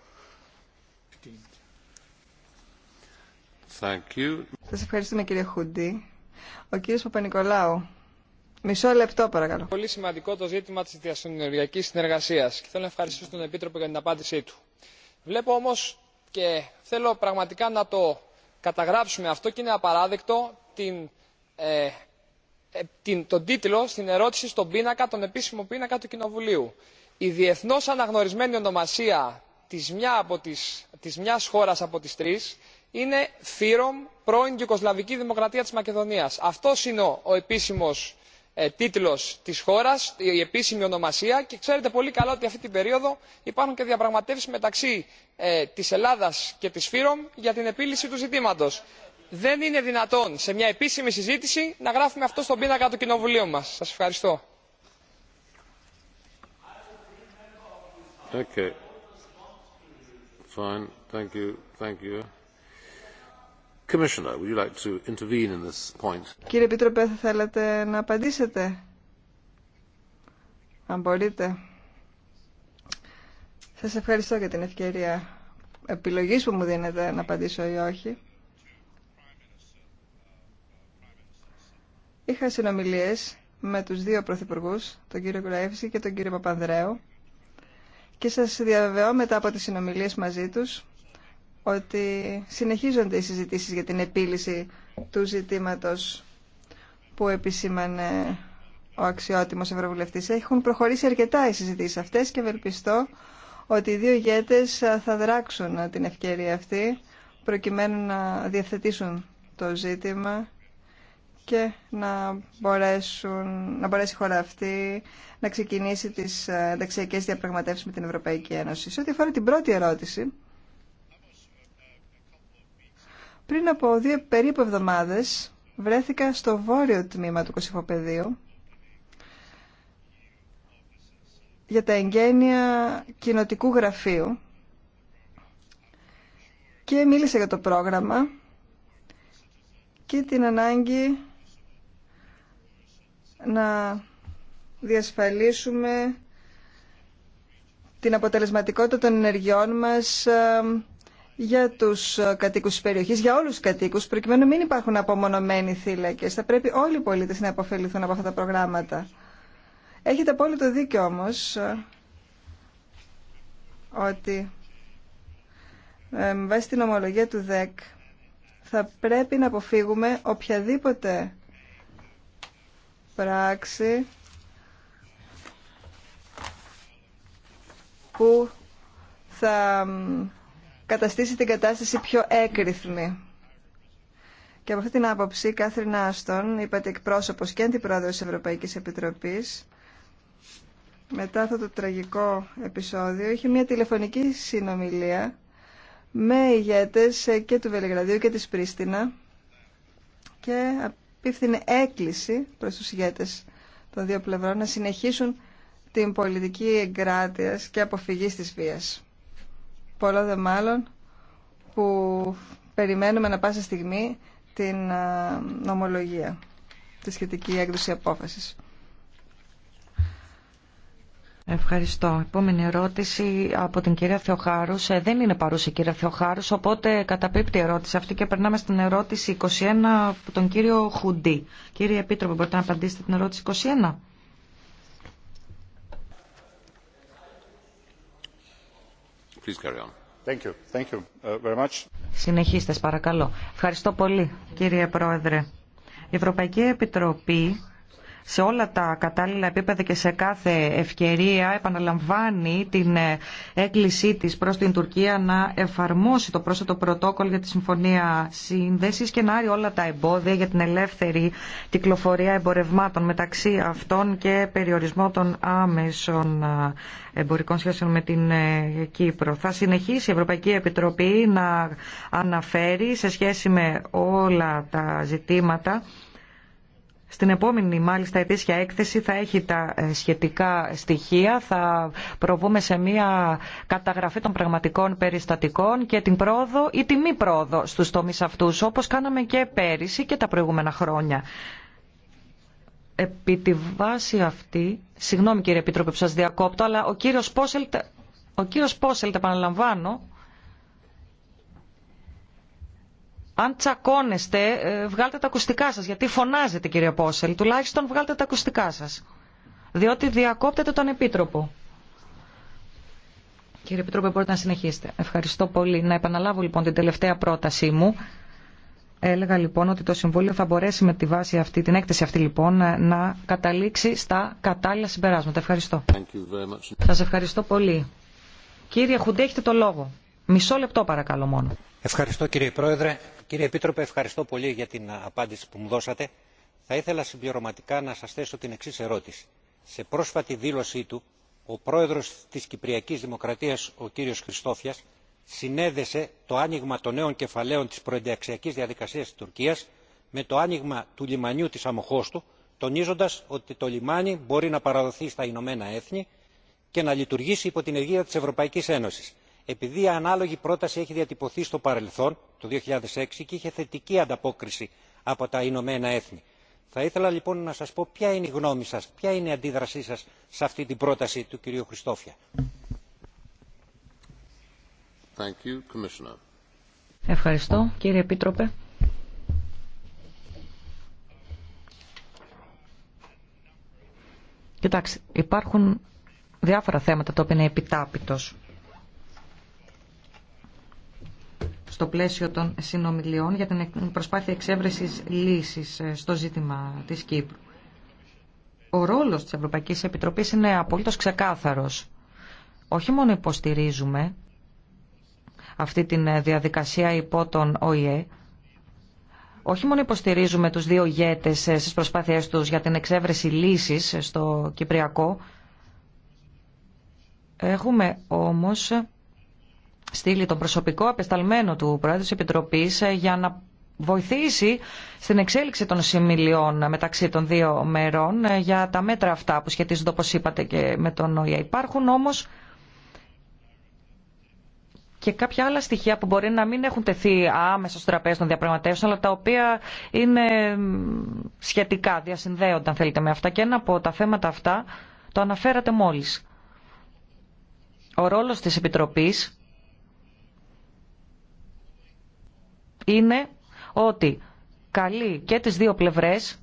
Σα ευχαριστούμε κύριε Χουντή. Ο κύριος Παπα-Νικολάου. Μισό λεπτό παρακαλώ. Πολύ σημαντικό το ζήτημα της διασυνοριακή συνεργασίας και θέλω να ευχαριστήσω τον Επίτροπο για την απάντησή του. Βλέπω όμως και θέλω πραγματικά να το καταγράψουμε αυτό και είναι απαράδεκτο την, ε, ε, την, τον τίτλο στην ερώτηση στον πίνακα, τον επίσημο πίνακα του Κοινοβουλίου η διεθνώς αναγνωρισμένη ονομασία της μιας χώρας από τις τρεις είναι ΦΥΡΟΜ, πρώην ιουγκοσλαβική δημοκρατία της μακεδονίας. Αυτό είναι ο επίσημος ε, τίτλος της χώρας η επίσημη ονομασία και ξέρετε πολύ καλά ότι αυτή την περίοδο υπάρχουν και διαπραγματεύσεις μεταξύ ε, της ελλάδας και της ΦΥΡΟΜ για την επίλυση του ζητήματος. δεν είναι δυνατόν σε μια επίσημη συζήτηση να γράφουμε αυτό στον πίνακα του κοινοβουλίου μας. σας ευχαριστώ. Κύριε Επίτροπε, θα θέλατε να απαντήσετε. Αν μπορείτε. Σας ευχαριστώ για την ευκαιρία επιλογής που μου δίνετε να απαντήσω ή όχι. Είχα συνομιλίες με τους δύο πρωθυπουργούς, τον κύριο Κουλαέφηση και τον κύριο Παπανδρέου, και σας διαβεβαιώ μετά από τις συνομιλίες μαζί τους ότι συνεχίζονται οι συζητήσεις για την επίλυση του ζητήματος που επισήμανε ο αξιότιμος Ευρωβουλευτής. Έχουν προχωρήσει αρκετά οι συζητήσεις αυτές και ευελπιστώ ότι οι δύο ηγέτες θα δράξουν την ευκαιρία αυτή προκειμένου να διαθετήσουν το ζήτημα και να, μπορέσουν, να μπορέσει η χώρα αυτή να ξεκινήσει τις ε, ενταξιακές διαπραγματεύσεις με την Ευρωπαϊκή Ένωση. Σε ό,τι αφορά την πρώτη ερώτηση, πριν από δύο περίπου εβδομάδες βρέθηκα στο βόρειο τμήμα του Κωσυφοπεδίου για τα εγγένεια κοινοτικού γραφείου και μίλησα για το πρόγραμμα και την ανάγκη να διασφαλίσουμε την αποτελεσματικότητα των ενεργειών μας ε, για τους κατοίκους της περιοχής, για όλους τους κατοίκους, προκειμένου να μην υπάρχουν απομονωμένοι θύλακες. Θα πρέπει όλοι οι πολίτες να αποφεληθούν από αυτά τα προγράμματα. Έχετε απόλυτο δίκιο όμως ε, ότι ε, με βάση την ομολογία του ΔΕΚ θα πρέπει να αποφύγουμε οποιαδήποτε πράξη που θα καταστήσει την κατάσταση πιο έκριθμη. Και από αυτή την άποψη, Κάθριν Άστον, είπατε εκπρόσωπο και αντιπρόεδρο τη Ευρωπαϊκή Επιτροπή, μετά αυτό το τραγικό επεισόδιο, είχε μια τηλεφωνική συνομιλία με ηγέτες ε, και του Βελιγραδίου και της Πρίστινα και πίφθινε έκκληση προς τους ηγέτες των δύο πλευρών να συνεχίσουν την πολιτική εγκράτειας και αποφυγής της βίας. Πολλό δε μάλλον που περιμένουμε να πάσα στιγμή την νομολογία, τη σχετική έκδοση απόφασης. Ευχαριστώ. Επόμενη ερώτηση από την κυρία Θεοχάρου. Ε, δεν είναι παρούσα η κυρία Θεοχάρου, οπότε καταπίπτει η ερώτηση αυτή και περνάμε στην ερώτηση 21 από τον κύριο Χουντή. Κύριε Επίτροπε, μπορείτε να απαντήσετε την ερώτηση 21. Thank you. Uh, Συνεχίστε, παρακαλώ. Ευχαριστώ πολύ, κύριε Πρόεδρε. Η Ευρωπαϊκή Επιτροπή σε όλα τα κατάλληλα επίπεδα και σε κάθε ευκαιρία επαναλαμβάνει την ε, έκκλησή της προς την Τουρκία να εφαρμόσει το πρόσθετο πρωτόκολλο για τη Συμφωνία Σύνδεσης και να άρει όλα τα εμπόδια για την ελεύθερη κυκλοφορία εμπορευμάτων μεταξύ αυτών και περιορισμό των άμεσων ε, εμπορικών σχέσεων με την ε, Κύπρο. Θα συνεχίσει η Ευρωπαϊκή Επιτροπή να αναφέρει σε σχέση με όλα τα ζητήματα στην επόμενη μάλιστα ετήσια έκθεση θα έχει τα ε, σχετικά στοιχεία, θα προβούμε σε μια καταγραφή των πραγματικών περιστατικών και την πρόοδο ή τη μη πρόοδο στους τομείς αυτούς, όπως κάναμε και πέρυσι και τα προηγούμενα χρόνια. Επί τη βάση αυτή, συγγνώμη κύριε Επίτροπε που σας διακόπτω, αλλά ο κύριος Πόσελτ, επαναλαμβάνω, αν τσακώνεστε, ε, βγάλτε τα ακουστικά σας, γιατί φωνάζετε κύριε Πόσελ, τουλάχιστον βγάλτε τα ακουστικά σας. Διότι διακόπτετε τον Επίτροπο. Κύριε Επίτροπε, μπορείτε να συνεχίσετε. Ευχαριστώ πολύ. Να επαναλάβω λοιπόν την τελευταία πρότασή μου. Έλεγα λοιπόν ότι το Συμβούλιο θα μπορέσει με τη βάση αυτή, την έκθεση αυτή λοιπόν να καταλήξει στα κατάλληλα συμπεράσματα. Ευχαριστώ. Σας ευχαριστώ πολύ. Κύριε Χουντέ, έχετε το λόγο. Μισό λεπτό παρακαλώ μόνο. Ευχαριστώ κύριε Πρόεδρε. Κύριε Επίτροπε, ευχαριστώ πολύ για την απάντηση που μου δώσατε. Θα ήθελα συμπληρωματικά να σας θέσω την εξής ερώτηση. Σε πρόσφατη δήλωσή του, ο πρόεδρος της Κυπριακής Δημοκρατίας, ο κύριος Χριστόφιας, συνέδεσε το άνοιγμα των νέων κεφαλαίων της προενταξιακής διαδικασίας της Τουρκίας με το άνοιγμα του λιμανιού της Αμοχώστου, τονίζοντας ότι το λιμάνι μπορεί να παραδοθεί στα Ηνωμένα Έθνη και να λειτουργήσει υπό την αιγύδα της Ευρωπαϊκής Ένωσης επειδή η ανάλογη πρόταση έχει διατυπωθεί στο παρελθόν το 2006... και είχε θετική ανταπόκριση από τα ηνωμένα έθνη. θα ήθελα λοιπόν να σας πω ποια είναι η γνώμη σας ποια είναι η αντίδρασή σας σε αυτή την πρόταση του κ. χριστόφια. Ευχαριστώ κύριε Επίτροπε. Κοιτάξτε, υπάρχουν διάφορα θέματα τα οποία είναι επιτάπητος στο πλαίσιο των συνομιλιών για την προσπάθεια εξέβρεσης λύσης ε, στο ζήτημα της Κύπρου. Ο ρόλος της Ευρωπαϊκής Επιτροπής είναι απολύτως ξεκάθαρος. Όχι μόνο υποστηρίζουμε αυτή την ε, διαδικασία υπό τον ΟΗΕ, όχι μόνο υποστηρίζουμε τους δύο ηγέτες ε, στις προσπάθειές τους για την εξέβρεση λύσης στο Κυπριακό, έχουμε όμως στείλει τον προσωπικό απεσταλμένο του Πρόεδρου της Επιτροπής ε, για να βοηθήσει στην εξέλιξη των συμιλιών μεταξύ των δύο μερών ε, για τα μέτρα αυτά που σχετίζονται όπως είπατε και με τον ΟΗΑ. Υπάρχουν όμως και κάποια άλλα στοιχεία που μπορεί να μην έχουν τεθεί άμεσα στο τραπέζι των διαπραγματεύσεων, αλλά τα οποία είναι σχετικά, διασυνδέονται αν θέλετε με αυτά. Και ένα από τα θέματα αυτά το αναφέρατε μόλις. Ο ρόλος της Επιτροπής είναι ότι καλεί και τις δύο πλευρές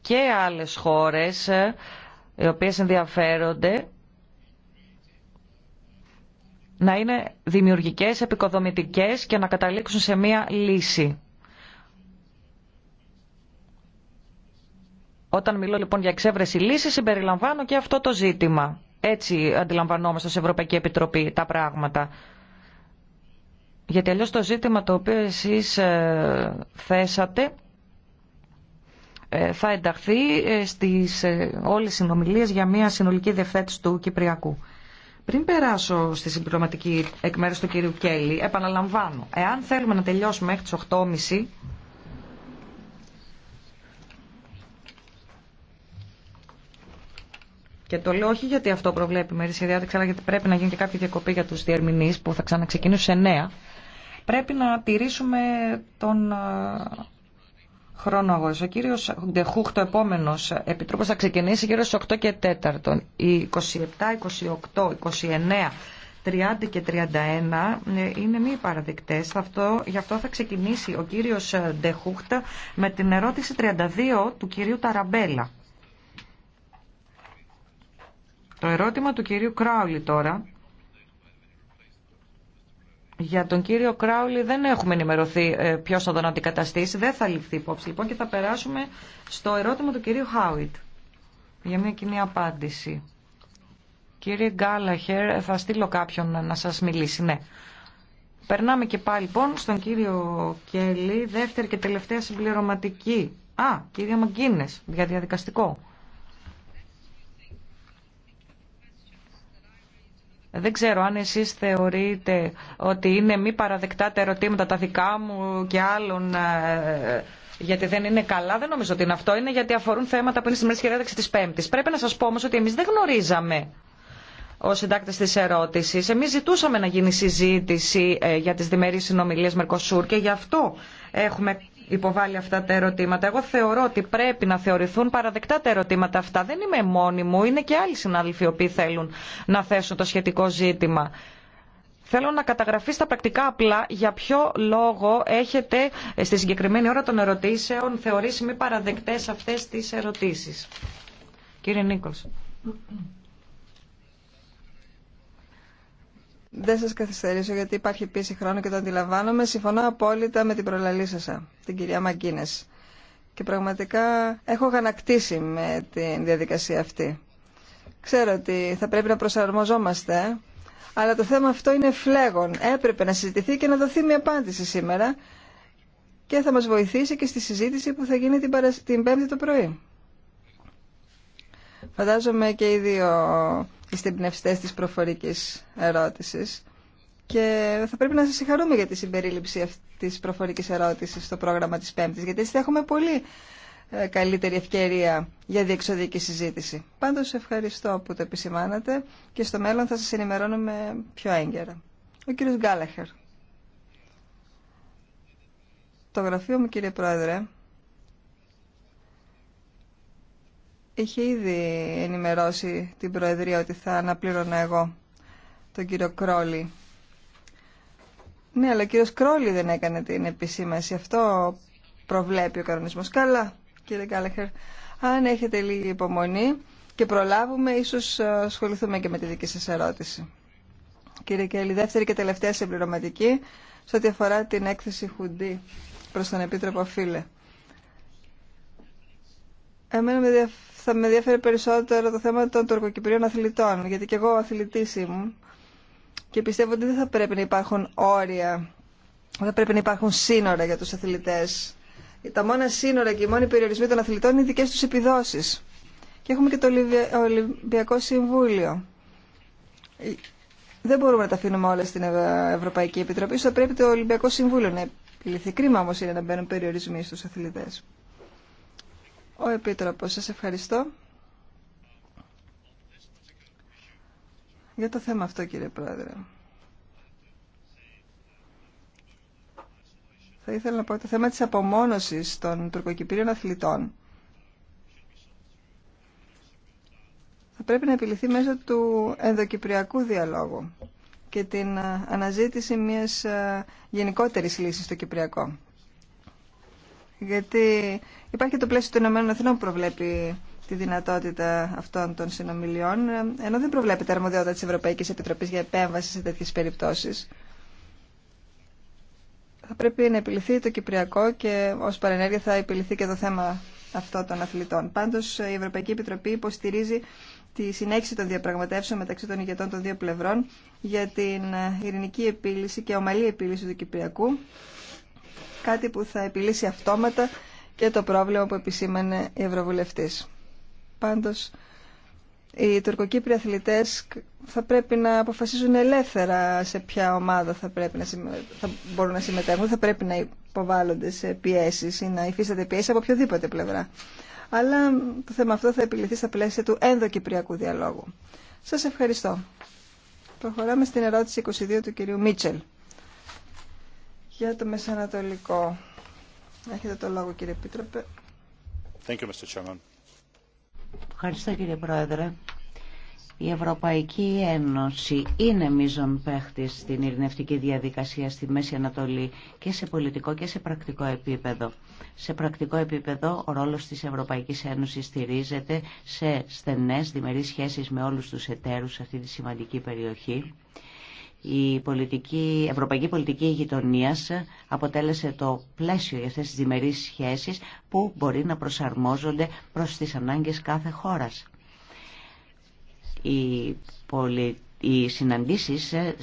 και άλλες χώρες ε, οι οποίες ενδιαφέρονται να είναι δημιουργικές, επικοδομητικές και να καταλήξουν σε μία λύση. Όταν μιλώ λοιπόν για εξέβρεση λύση, συμπεριλαμβάνω και αυτό το ζήτημα. Έτσι αντιλαμβανόμαστε ως Ευρωπαϊκή Επιτροπή τα πράγματα. Γιατί αλλιώς το ζήτημα το οποίο εσείς ε, θέσατε ε, θα ενταχθεί ε, στις όλες οι συνομιλίες για μια συνολική διευθέτηση του Κυπριακού. Πριν περάσω στη συμπληρωματική εκ του κυρίου Κέλλη, επαναλαμβάνω, εάν θέλουμε να τελειώσουμε μέχρι τις 8.30 Και το λέω όχι γιατί αυτό προβλέπει η μερίσια διάταξη, αλλά γιατί πρέπει να γίνει και κάποια διακοπή για του διερμηνεί που θα ξαναξεκινήσουν σε νέα. Πρέπει να τηρήσουμε τον χρόνο αγώνα. Ο κύριο Ντεχούχ, το επόμενο επιτρόπο, θα ξεκινήσει γύρω στι 8 και 4. Οι 27, 28, 29. 30 και 31 ε, είναι μη παραδείκτέ. γι' αυτό θα ξεκινήσει ο κύριο Ντεχούχτα με την ερώτηση 32 του κυρίου Ταραμπέλα. Το ερώτημα του κυρίου Κράουλη τώρα. Για τον κύριο Κράουλη δεν έχουμε ενημερωθεί ε, ποιο θα τον αντικαταστήσει. Δεν θα ληφθεί υπόψη λοιπόν και θα περάσουμε στο ερώτημα του κυρίου Χάουιτ. Για μια κοινή απάντηση. Κύριε Γκάλαχερ, θα στείλω κάποιον να σας μιλήσει, ναι. Περνάμε και πάλι λοιπόν στον κύριο Κέλλη, δεύτερη και τελευταία συμπληρωματική. Α, κύριε Μαγκίνες, για διαδικαστικό. Δεν ξέρω αν εσείς θεωρείτε ότι είναι μη παραδεκτά τα ερωτήματα τα δικά μου και άλλων ε, γιατί δεν είναι καλά. Δεν νομίζω ότι είναι αυτό. Είναι γιατί αφορούν θέματα που είναι στη μέση και της Πέμπτης. Πρέπει να σας πω όμως ότι εμείς δεν γνωρίζαμε ο συντάκτη τη ερώτηση. Εμεί ζητούσαμε να γίνει συζήτηση ε, για τι διμερεί συνομιλίε Μερκοσούρ και γι' αυτό έχουμε Υποβάλλει αυτά τα ερωτήματα. Εγώ θεωρώ ότι πρέπει να θεωρηθούν παραδεκτά τα ερωτήματα αυτά. Δεν είμαι μόνη μου, είναι και άλλοι συνάδελφοι οι οποίοι θέλουν να θέσουν το σχετικό ζήτημα. Θέλω να καταγραφεί στα πρακτικά απλά για ποιο λόγο έχετε ε, στη συγκεκριμένη ώρα των ερωτήσεων θεωρήσει μη παραδεκτές αυτές τις ερωτήσεις. Κύριε Νίκολς. Δεν σας καθυστερήσω γιατί υπάρχει πίεση χρόνου και το αντιλαμβάνομαι. Συμφωνώ απόλυτα με την προλαλήσασα, την κυρία Μαγκίνες. Και πραγματικά έχω γανακτήσει με τη διαδικασία αυτή. Ξέρω ότι θα πρέπει να προσαρμοζόμαστε, αλλά το θέμα αυτό είναι φλέγον. Έπρεπε να συζητηθεί και να δοθεί μια απάντηση σήμερα και θα μας βοηθήσει και στη συζήτηση που θα γίνει την, παρασ... την Πέμπτη το πρωί. Φαντάζομαι και οι δύο είστε εμπνευστέ της προφορικής ερώτησης και θα πρέπει να σας συγχαρούμε για τη συμπερίληψη αυτής της προφορικής ερώτησης στο πρόγραμμα της Πέμπτης γιατί έτσι θα έχουμε πολύ ε, καλύτερη ευκαιρία για διεξοδική συζήτηση. Πάντως ευχαριστώ που το επισημάνατε και στο μέλλον θα σας ενημερώνουμε πιο έγκαιρα. Ο κύριος Γκάλαχερ. Το γραφείο μου κύριε Πρόεδρε είχε ήδη ενημερώσει την Προεδρία ότι θα αναπληρώνω εγώ τον κύριο Κρόλη. Ναι, αλλά ο κύριος Κρόλη δεν έκανε την επισήμαση. Αυτό προβλέπει ο κανονισμός. Καλά, κύριε Κάλεχερ. Αν έχετε λίγη υπομονή και προλάβουμε, ίσως ε, ασχοληθούμε και με τη δική σας ερώτηση. Κύριε Κέλλη, δεύτερη και τελευταία συμπληρωματική σε ό,τι αφορά την έκθεση Χουντή προς τον Επίτροπο Φίλε. Εμένα με θα με ενδιαφέρει περισσότερο το θέμα των τουρκοκυπρίων αθλητών, γιατί και εγώ αθλητής ήμουν και πιστεύω ότι δεν θα πρέπει να υπάρχουν όρια, δεν θα πρέπει να υπάρχουν σύνορα για τους αθλητές. Τα μόνα σύνορα και οι μόνοι περιορισμοί των αθλητών είναι οι δικές τους επιδόσεις. Και έχουμε και το Ολυμπιακό Συμβούλιο. Ε, δεν μπορούμε να τα αφήνουμε όλα στην Ευρωπαϊκή Επιτροπή, θα πρέπει το Ολυμπιακό Συμβούλιο να επιληθεί. Κρίμα όμω είναι να μπαίνουν περιορισμοί στους αθλητές ο επίτροπο, σα ευχαριστώ. Για το θέμα αυτό, κύριε Πρόεδρε. Θα ήθελα να πω το θέμα της απομόνωσης των τουρκοκυπρίων αθλητών. Θα πρέπει να επιληθεί μέσω του ενδοκυπριακού διαλόγου και την αναζήτηση μιας ε, γενικότερης λύσης στο Κυπριακό γιατί υπάρχει και το πλαίσιο των Ηνωμένων που προβλέπει τη δυνατότητα αυτών των συνομιλιών, ενώ δεν προβλέπεται αρμοδιότητα της Ευρωπαϊκής Επιτροπής για επέμβαση σε τέτοιες περιπτώσεις. Θα πρέπει να επιληθεί το Κυπριακό και ως παρενέργεια θα επιληθεί και το θέμα αυτό των αθλητών. Πάντως η Ευρωπαϊκή Επιτροπή υποστηρίζει τη συνέχιση των διαπραγματεύσεων μεταξύ των ηγετών των δύο πλευρών για την ειρηνική επίλυση και ομαλή επίλυση του Κυπριακού κάτι που θα επιλύσει αυτόματα και το πρόβλημα που επισήμανε η Ευρωβουλευτής. Πάντω, οι τουρκοκύπριοι αθλητέ θα πρέπει να αποφασίζουν ελεύθερα σε ποια ομάδα θα, πρέπει να θα μπορούν να συμμετέχουν, θα πρέπει να υποβάλλονται σε πιέσει ή να υφίσταται πιέσει από οποιοδήποτε πλευρά. Αλλά το θέμα αυτό θα επιληθεί στα πλαίσια του ενδοκυπριακού διαλόγου. Σα ευχαριστώ. Προχωράμε στην ερώτηση 22 του κυρίου Μίτσελ για το Μεσανατολικό. Έχετε το λόγο κύριε Επίτροπε. Thank you, Mr. Ευχαριστώ κύριε Πρόεδρε. Η Ευρωπαϊκή Ένωση είναι μείζον παίχτη στην ειρηνευτική διαδικασία στη Μέση Ανατολή και σε πολιτικό και σε πρακτικό επίπεδο. Σε πρακτικό επίπεδο ο ρόλος της Ευρωπαϊκής Ένωσης στηρίζεται σε στενές διμερείς σχέσεις με όλους τους εταίρους σε αυτή τη σημαντική περιοχή η πολιτική, ευρωπαϊκή πολιτική γειτονία αποτέλεσε το πλαίσιο για αυτέ τι διμερείς σχέσεις που μπορεί να προσαρμόζονται προς τις ανάγκες κάθε χώρας. οι συναντήσεις ε,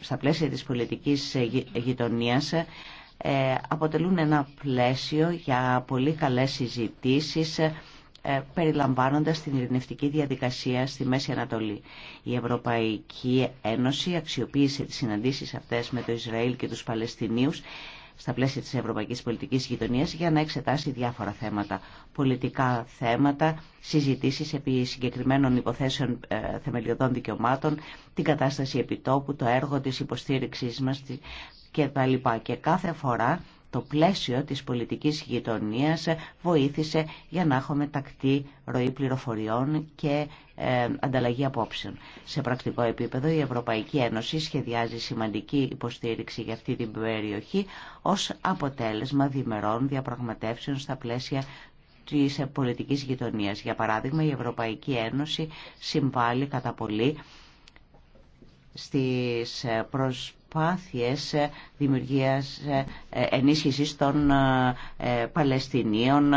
στα πλαίσια της πολιτικής ε, γειτονίας ε, αποτελούν ένα πλαίσιο για πολύ καλές συζητήσεις ε, περιλαμβάνοντας την ειρηνευτική διαδικασία στη Μέση Ανατολή. Η Ευρωπαϊκή Ένωση αξιοποίησε τις συναντήσεις αυτές με το Ισραήλ και τους Παλαιστινίους στα πλαίσια της Ευρωπαϊκής Πολιτικής Γειτονίας για να εξετάσει διάφορα θέματα, πολιτικά θέματα, συζητήσεις επί συγκεκριμένων υποθέσεων ε, θεμελιωδών δικαιωμάτων, την κατάσταση επιτόπου, το έργο της υποστήριξής μας και Και κάθε φορά το πλαίσιο της πολιτικής γειτονίας βοήθησε για να έχουμε τακτή ροή πληροφοριών και ε, ανταλλαγή απόψεων. Σε πρακτικό επίπεδο η Ευρωπαϊκή Ένωση σχεδιάζει σημαντική υποστήριξη για αυτή την περιοχή ως αποτέλεσμα διμερών διαπραγματεύσεων στα πλαίσια της πολιτικής γειτονίας. Για παράδειγμα, η Ευρωπαϊκή Ένωση συμβάλλει κατά πολύ στις ε, προς προσπάθειες ε, δημιουργίας ε, ε, ενίσχυσης των Παλαιστινίων.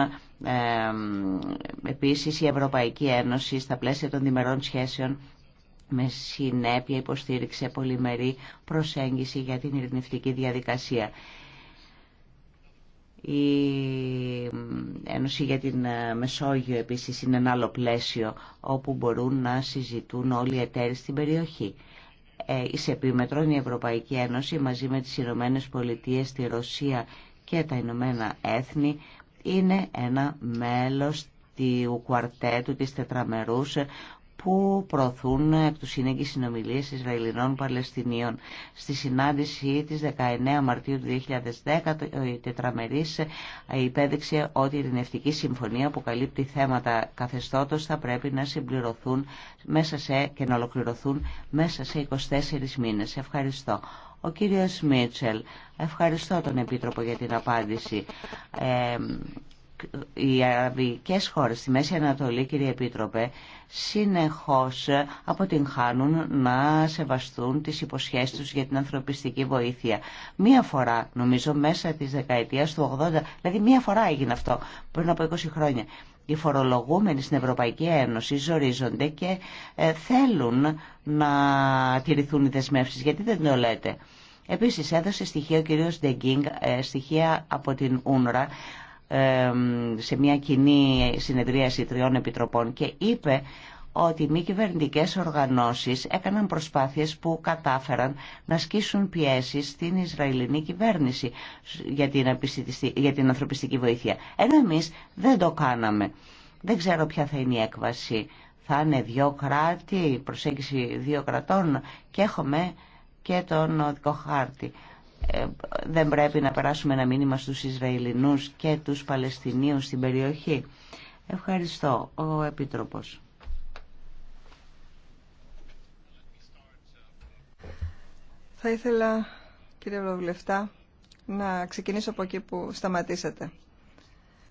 Επίσης η Ευρωπαϊκή Ένωση στα πλαίσια των διμερών σχέσεων με συνέπεια υποστήριξε πολυμερή προσέγγιση για την ειρηνευτική διαδικασία. Η Ένωση για την Μεσόγειο επίσης είναι ένα άλλο πλαίσιο όπου μπορούν να συζητούν όλοι οι εταίροι στην περιοχή. Ε, εις επίμετρον η Ευρωπαϊκή Ένωση μαζί με τις Ηνωμένε Πολιτείες, τη Ρωσία και τα Ηνωμένα Έθνη είναι ένα μέλος του κουαρτέτου της τετραμερούς που προωθούν εκ του σύνεγγυ συνομιλίες Ισραηλινών Παλαιστινίων. Στη συνάντηση της 19 Μαρτίου του 2010 η τετραμερής ε, υπέδειξε ότι η Ειρηνευτική Συμφωνία που καλύπτει θέματα καθεστώτος θα πρέπει να συμπληρωθούν μέσα σε, και να ολοκληρωθούν μέσα σε 24 μήνες. Ευχαριστώ. Ο κύριος Μίτσελ, ευχαριστώ τον Επίτροπο για την απάντηση. Ε, οι αραβικές χώρες στη Μέση Ανατολή, κύριε Επίτροπε, συνεχώς αποτυγχάνουν να σεβαστούν τις υποσχέσεις τους για την ανθρωπιστική βοήθεια. Μία φορά, νομίζω μέσα της δεκαετίας του 80, δηλαδή μία φορά έγινε αυτό πριν από 20 χρόνια. Οι φορολογούμενοι στην Ευρωπαϊκή Ένωση ζορίζονται και ε, θέλουν να τηρηθούν οι δεσμεύσεις. Γιατί δεν το λέτε. Επίσης έδωσε στοιχεία ο κ. Ντεγκίνγκ, ε, στοιχεία από την Ούνρα, σε μια κοινή συνεδρίαση τριών επιτροπών και είπε ότι οι μη κυβερνητικέ οργανώσεις έκαναν προσπάθειες που κατάφεραν να σκίσουν πιέσεις στην Ισραηλινή κυβέρνηση για την, για την ανθρωπιστική βοήθεια. Ενώ εμείς δεν το κάναμε. Δεν ξέρω ποια θα είναι η έκβαση. Θα είναι δύο κράτη, προσέγγιση δύο κρατών και έχουμε και τον οδικό χάρτη. Ε, δεν πρέπει να περάσουμε ένα μήνυμα στους Ισραηλινούς και τους Παλαιστινίους στην περιοχή. Ευχαριστώ, ο Επίτροπος. Θα ήθελα, κύριε Ευρωβουλευτά, να ξεκινήσω από εκεί που σταματήσατε.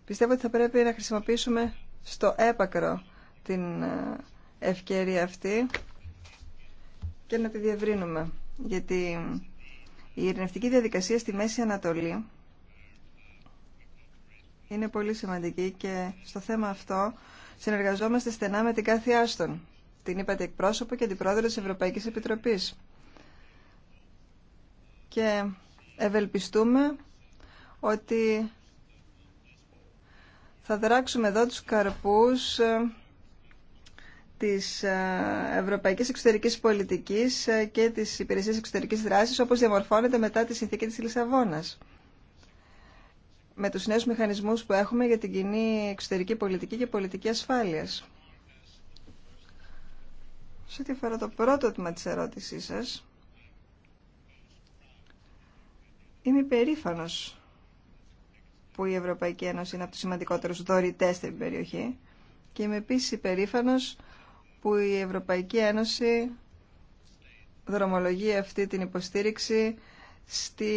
Πιστεύω ότι θα πρέπει να χρησιμοποιήσουμε στο έπακρο την ε, ευκαιρία αυτή και να τη διευρύνουμε, γιατί η ειρηνευτική διαδικασία στη Μέση Ανατολή είναι πολύ σημαντική και στο θέμα αυτό συνεργαζόμαστε στενά με την κάθε Άστον, την είπατε εκπρόσωπο και την πρόεδρο της Ευρωπαϊκής Επιτροπής. Και ευελπιστούμε ότι θα δράξουμε εδώ τους καρπούς ε, της ε, Ευρωπαϊκής Εξωτερικής Πολιτικής ε, και της Υπηρεσίας Εξωτερικής Δράσης όπως διαμορφώνεται μετά τη συνθήκη της Λισαβόνας. Με τους νέους μηχανισμούς που έχουμε για την κοινή εξωτερική πολιτική και πολιτική ασφάλειας. Σε ό,τι αφορά το πρώτο τμήμα της ερώτησής σας, είμαι περήφανος που η Ευρωπαϊκή Ένωση είναι από τους σημαντικότερους δωρητές στην περιοχή και είμαι επίσης περήφανος που η Ευρωπαϊκή Ένωση δρομολογεί αυτή την υποστήριξη στη,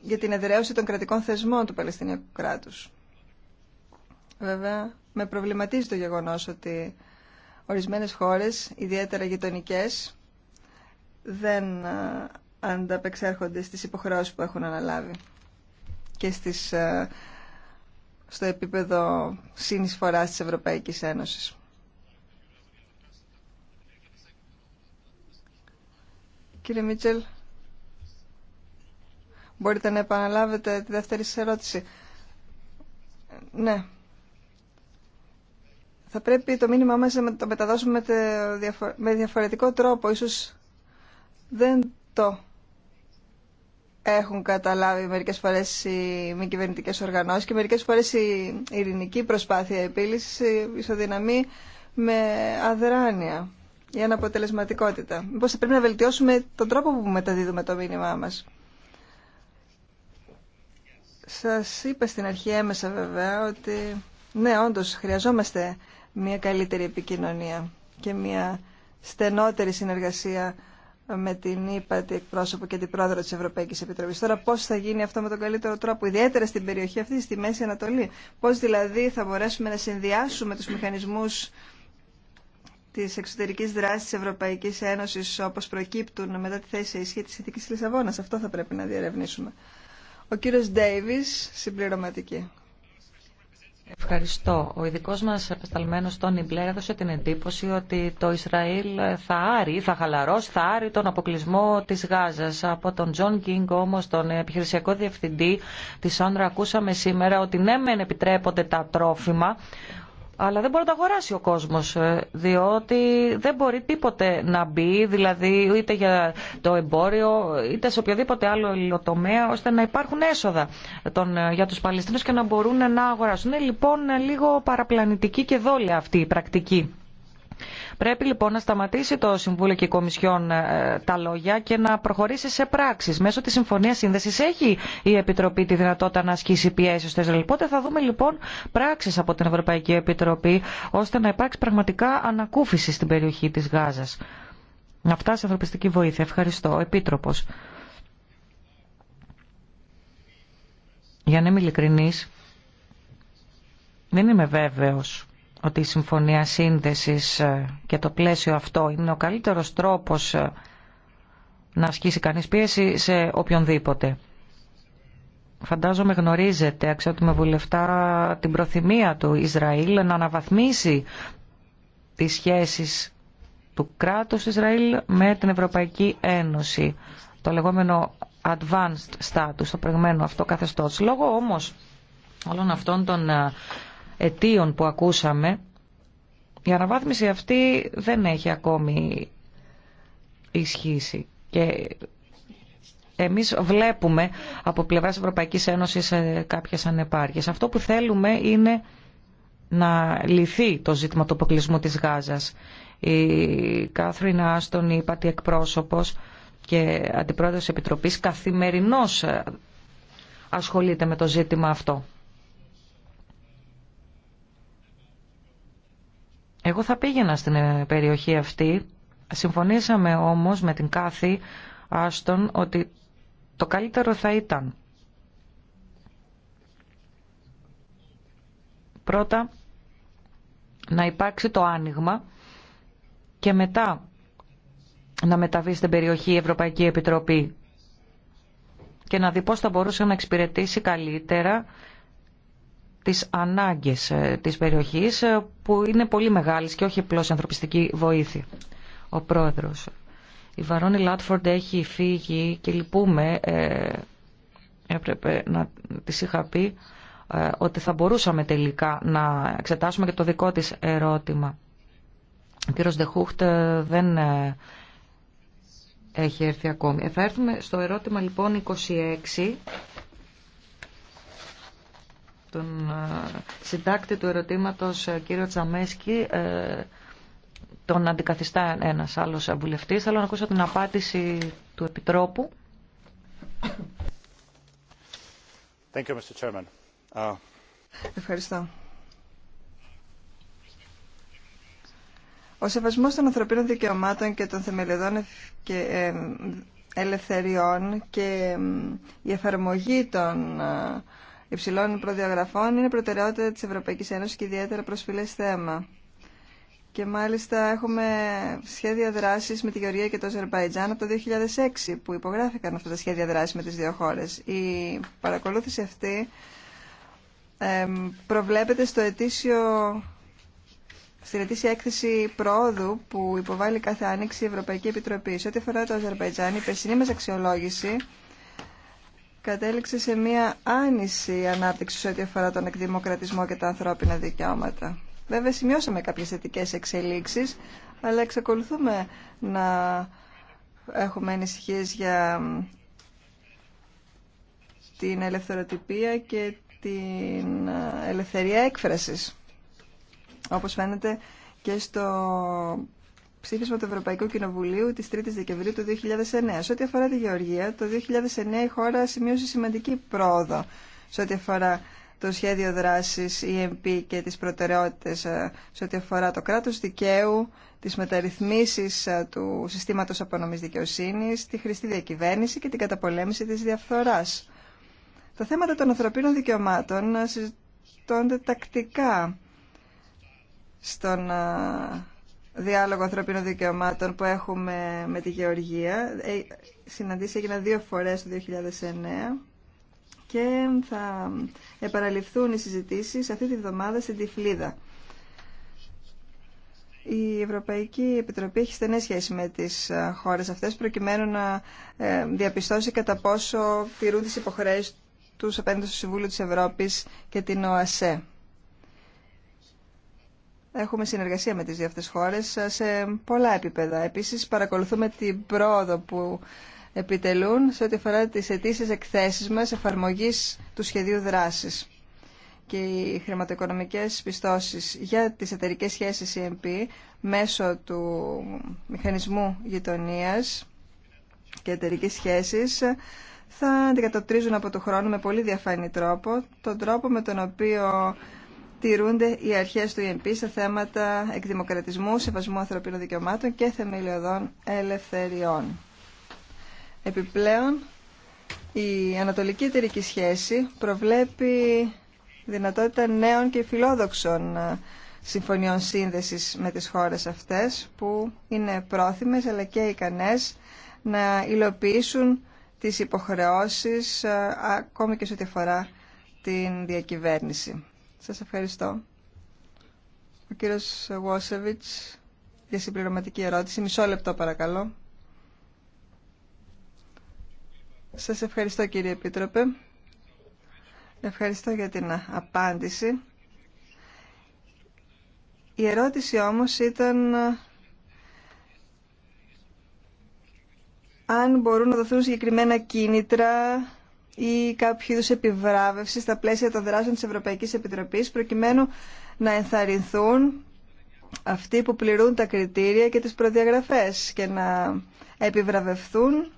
για την εδραίωση των κρατικών θεσμών του Παλαιστινιακού κράτους. Βέβαια, με προβληματίζει το γεγονός ότι ορισμένες χώρες, ιδιαίτερα γειτονικέ, δεν ανταπεξέρχονται στις υποχρεώσεις που έχουν αναλάβει και στις, στο επίπεδο συνεισφοράς της Ευρωπαϊκής Ένωσης. Κύριε Μίτσελ, μπορείτε να επαναλάβετε τη δεύτερη σας ερώτηση. Ναι. Θα πρέπει το μήνυμά μας να το μεταδώσουμε με διαφορετικό τρόπο. Ίσως δεν το έχουν καταλάβει μερικές φορές οι μη κυβερνητικέ οργανώσεις και μερικές φορές η ειρηνική προσπάθεια επίλυσης ισοδυναμεί με αδράνεια η αναποτελεσματικότητα. Μήπως θα πρέπει να βελτιώσουμε τον τρόπο που μεταδίδουμε το μήνυμά μας. Σας είπα στην αρχή έμεσα βέβαια ότι ναι, όντως χρειαζόμαστε μια καλύτερη επικοινωνία και μια στενότερη συνεργασία με την την εκπρόσωπο και την πρόεδρο της Ευρωπαϊκής Επιτροπής. Τώρα πώς θα γίνει αυτό με τον καλύτερο τρόπο, ιδιαίτερα στην περιοχή αυτή, στη Μέση Ανατολή. Πώς δηλαδή θα μπορέσουμε να συνδυάσουμε τους μηχανισμούς της εξωτερικής δράσης της Ευρωπαϊκής Ένωσης όπως προκύπτουν μετά τη θέση ισχύ της ηθική Λισαβόνας. Αυτό θα πρέπει να διερευνήσουμε. Ο κύριος Ντέιβις, συμπληρωματική. Ευχαριστώ. Ο ειδικό μα επεσταλμένο Τόνι Μπλερ έδωσε την εντύπωση ότι το Ισραήλ θα άρει, θα χαλαρώσει, θα άρει τον αποκλεισμό τη Γάζα. Από τον Τζον Κίνγκ όμω, τον επιχειρησιακό διευθυντή τη Άντρα, ακούσαμε σήμερα ότι ναι, μεν επιτρέπονται τα τρόφιμα, αλλά δεν μπορεί να το αγοράσει ο κόσμος, ε, διότι δεν μπορεί τίποτε να μπει, δηλαδή είτε για το εμπόριο, είτε σε οποιοδήποτε άλλο υλοτομέα, ώστε να υπάρχουν έσοδα τον, ε, για τους Παλαιστίνους και να μπορούν να αγοράσουν. Είναι λοιπόν λίγο παραπλανητική και δόλια αυτή η πρακτική. Πρέπει λοιπόν να σταματήσει το Συμβούλιο και η Κομισιόν ε, τα λόγια και να προχωρήσει σε πράξει. Μέσω τη Συμφωνία Σύνδεση έχει η Επιτροπή τη δυνατότητα να ασκήσει πιέσει στο Ισραήλ. Οπότε θα δούμε λοιπόν πράξει από την Ευρωπαϊκή Επιτροπή ώστε να υπάρξει πραγματικά ανακούφιση στην περιοχή τη Γάζα. Να φτάσει ανθρωπιστική βοήθεια. Ευχαριστώ. Επίτροπο. Για να είμαι ειλικρινής, δεν είμαι βέβαιος ότι η Συμφωνία Σύνδεσης ε, και το πλαίσιο αυτό είναι ο καλύτερος τρόπος ε, να ασκήσει κανείς πίεση σε οποιονδήποτε. Φαντάζομαι γνωρίζετε, αξιότιμα βουλευτά, την προθυμία του Ισραήλ να αναβαθμίσει τις σχέσεις του κράτους Ισραήλ με την Ευρωπαϊκή Ένωση. Το λεγόμενο advanced status, το προηγμένο αυτό καθεστώς. Λόγω όμως όλων αυτών των ε, αιτίων που ακούσαμε, η αναβάθμιση αυτή δεν έχει ακόμη ισχύσει. Και εμείς βλέπουμε από πλευράς Ευρωπαϊκής Ένωσης ε, κάποιες ανεπάρκειες. Αυτό που θέλουμε είναι να λυθεί το ζήτημα του αποκλεισμού της Γάζας. Η Κάθριν Άστον, η Πατή εκπρόσωπος και αντιπρόεδρος Επιτροπής, καθημερινώς ε, ασχολείται με το ζήτημα αυτό. Εγώ θα πήγαινα στην ε, περιοχή αυτή. Συμφωνήσαμε όμως με την κάθε Άστον ότι το καλύτερο θα ήταν πρώτα να υπάρξει το άνοιγμα και μετά να μεταβεί στην περιοχή η Ευρωπαϊκή Επιτροπή και να δει πώς θα μπορούσε να εξυπηρετήσει καλύτερα τις ανάγκες ε, της περιοχής ε, που είναι πολύ μεγάλες και όχι απλώς ανθρωπιστική βοήθεια. Ο πρόεδρος. Η Βαρόνι Λάτφορντ έχει φύγει και λυπούμε, ε, έπρεπε να της είχα πει, ε, ότι θα μπορούσαμε τελικά να εξετάσουμε και το δικό της ερώτημα. Ο κύριος Ντεχούχτ δεν έχει έρθει ακόμη. θα έρθουμε στο ερώτημα λοιπόν 26 τον ε, συντάκτη του ερωτήματος ε, κύριο Τσαμέσκι ε, τον αντικαθιστά ένας άλλος βουλευτής. Θέλω να ακούσω την απάντηση του Επιτρόπου. Thank you, Mr. Uh... Ευχαριστώ. Ο σεβασμός των ανθρωπίνων δικαιωμάτων και των θεμελιωδών ελευθεριών και η εφαρμογή των υψηλών προδιαγραφών είναι προτεραιότητα της Ευρωπαϊκής Ένωσης και ιδιαίτερα προσφυλές θέμα. Και μάλιστα έχουμε σχέδια δράσης με τη Γεωργία και το Αζερβαϊτζάν από το 2006 που υπογράφηκαν αυτά τα σχέδια δράση με τις δύο χώρες. Η παρακολούθηση αυτή προβλέπεται στο ετήσιο, στην ετήσια έκθεση προόδου που υποβάλλει κάθε άνοιξη η Ευρωπαϊκή Επιτροπή. Σε ό,τι αφορά το Αζερβαϊτζάν, η περσινή μας αξιολόγηση κατέληξε σε μία άνηση ανάπτυξη σε ό,τι αφορά τον εκδημοκρατισμό και τα ανθρώπινα δικαιώματα. Βέβαια, σημειώσαμε κάποιες θετικέ εξελίξεις, αλλά εξακολουθούμε να έχουμε ανησυχίε για την ελευθεροτυπία και την ελευθερία έκφρασης. Όπως φαίνεται και στο ψήφισμα του Ευρωπαϊκού Κοινοβουλίου τη 3 η Δεκεμβρίου του 2009. Σε ό,τι αφορά τη Γεωργία, το 2009 η χώρα σημείωσε σημαντική πρόοδο σε ό,τι αφορά το σχέδιο δράση EMP και τι προτεραιότητε, ε, σε ό,τι αφορά το κράτο δικαίου, τι μεταρρυθμίσει ε, του συστήματο απόνομη δικαιοσύνη, τη χρηστή διακυβέρνηση και την καταπολέμηση τη διαφθορά. Τα θέματα των ανθρωπίνων δικαιωμάτων ε, συζητώνται τακτικά στον διάλογο ανθρωπίνων δικαιωμάτων που έχουμε με τη Γεωργία. Ε, συναντήσει έγιναν δύο φορές το 2009 και θα επαραληφθούν οι συζητήσεις αυτή τη βδομάδα στην Τυφλίδα. Η Ευρωπαϊκή Επιτροπή έχει στενές σχέση με τις χώρες αυτές προκειμένου να ε, διαπιστώσει κατά πόσο τηρούν τις υποχρεώσεις τους απέναντι στο Συμβούλιο της Ευρώπης και την ΟΑΣΕ. Έχουμε συνεργασία με τις δύο χώρες σε πολλά επίπεδα. Επίσης παρακολουθούμε την πρόοδο που επιτελούν σε ό,τι αφορά τις αιτήσεις εκθέσεις μας εφαρμογής του σχεδίου δράσης και οι χρηματοοικονομικές πιστώσεις για τις εταιρικές σχέσεις EMP μέσω του μηχανισμού γειτονίας και εταιρικής Σχέσεις θα αντικατοπτρίζουν από το χρόνο με πολύ διαφανή τρόπο τον τρόπο με τον οποίο τηρούνται οι αρχές του ΕΜΠ e σε θέματα εκδημοκρατισμού, σεβασμού ανθρωπίνων δικαιωμάτων και θεμελιωδών ελευθεριών. Επιπλέον, η ανατολική εταιρική σχέση προβλέπει δυνατότητα νέων και φιλόδοξων ε, συμφωνιών σύνδεσης με τις χώρες αυτές που είναι πρόθυμες αλλά και ικανέ να υλοποιήσουν τις υποχρεώσεις ε, ακόμη και σε ό,τι αφορά την διακυβέρνηση. Σας ευχαριστώ. Ο κύριος Βόσεβιτς για συμπληρωματική ερώτηση. Μισό λεπτό παρακαλώ. Σας ευχαριστώ κύριε Επίτροπε. Ευχαριστώ για την απάντηση. Η ερώτηση όμως ήταν αν μπορούν να δοθούν συγκεκριμένα κίνητρα ή κάποιο είδου επιβράβευση στα πλαίσια των δράσεων τη Ευρωπαϊκή Επιτροπή προκειμένου να ενθαρρυνθούν αυτοί που πληρούν τα κριτήρια και τις προδιαγραφές και να επιβραβευθούν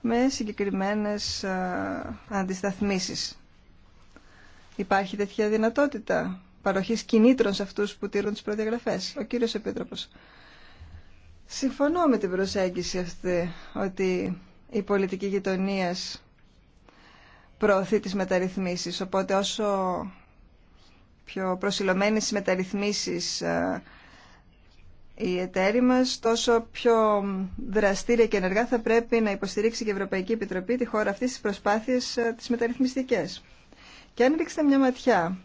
με συγκεκριμένες αντισταθμίσεις. Υπάρχει τέτοια δυνατότητα παροχής κινήτρων σε αυτούς που τηρούν τις προδιαγραφές. Ο κύριος Επίτροπος. Συμφωνώ με την προσέγγιση αυτή ότι η πολιτική γειτονίας προωθεί τις μεταρρυθμίσεις. Οπότε όσο πιο προσιλωμένες οι μεταρρυθμίσεις η ε, εταίροι μας, τόσο πιο δραστήρια και ενεργά θα πρέπει να υποστηρίξει και η Ευρωπαϊκή Επιτροπή τη χώρα αυτή στις προσπάθειες ε, τις μεταρρυθμιστικές. Και αν ρίξετε μια ματιά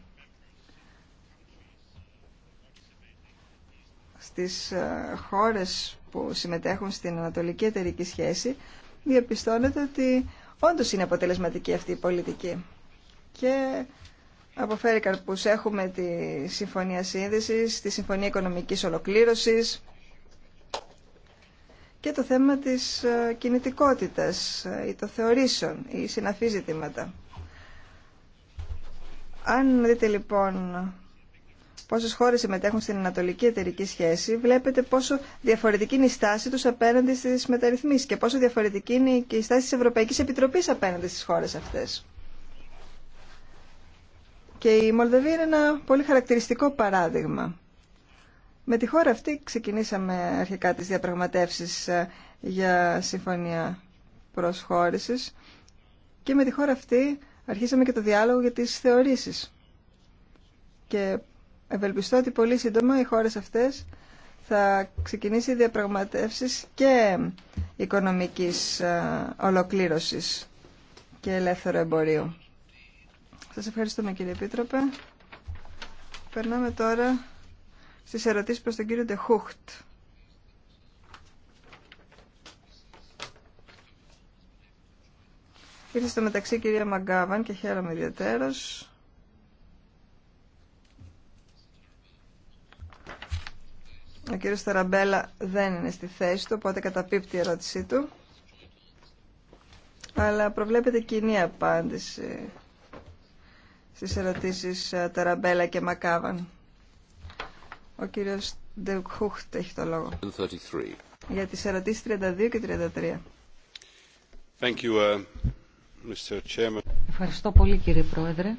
στις ε, χώρες που συμμετέχουν στην Ανατολική Εταιρική Σχέση, διαπιστώνεται ότι Όντως είναι αποτελεσματική αυτή η πολιτική. Και αποφέρει καρπούς. Έχουμε τη Συμφωνία Σύνδεσης, τη Συμφωνία Οικονομικής Ολοκλήρωσης και το θέμα της ε, κινητικότητας ε, ή των θεωρήσεων ή συναφή ζητήματα. Αν δείτε λοιπόν πόσες χώρες συμμετέχουν στην ανατολική εταιρική σχέση, βλέπετε πόσο διαφορετική είναι η στάση τους απέναντι στις μεταρρυθμίσεις και πόσο διαφορετική είναι και η στάση της Ευρωπαϊκής Επιτροπής απέναντι στις χώρες αυτές. Και η Μολδαβία είναι ένα πολύ χαρακτηριστικό παράδειγμα. Με τη χώρα αυτή ξεκινήσαμε αρχικά τις διαπραγματεύσεις ε, για συμφωνία προσχώρησης και με τη χώρα αυτή αρχίσαμε και το διάλογο για τις θεωρήσεις. Και ευελπιστώ ότι πολύ σύντομα οι χώρες αυτές θα ξεκινήσει διαπραγματεύσεις και οικονομικής ε, ολοκλήρωσης και ελεύθερο εμπορίου. Σας ευχαριστούμε κύριε Επίτροπε. Περνάμε τώρα στις ερωτήσεις προς τον κύριο Ντεχούχτ. Ήρθε στο μεταξύ κυρία Μαγκάβαν και χαίρομαι ιδιαίτερως. Ο κύριος Ταραμπέλα δεν είναι στη θέση του, οπότε καταπίπτει η ερώτησή του. Αλλά προβλέπεται κοινή απάντηση στις ερωτήσεις ε, Ταραμπέλα και Μακάβαν. Ο κύριος Ντεουκχούχτ έχει το λόγο. Για τις ερωτήσεις 32 και 33. Uh, Ευχαριστώ πολύ κύριε Πρόεδρε.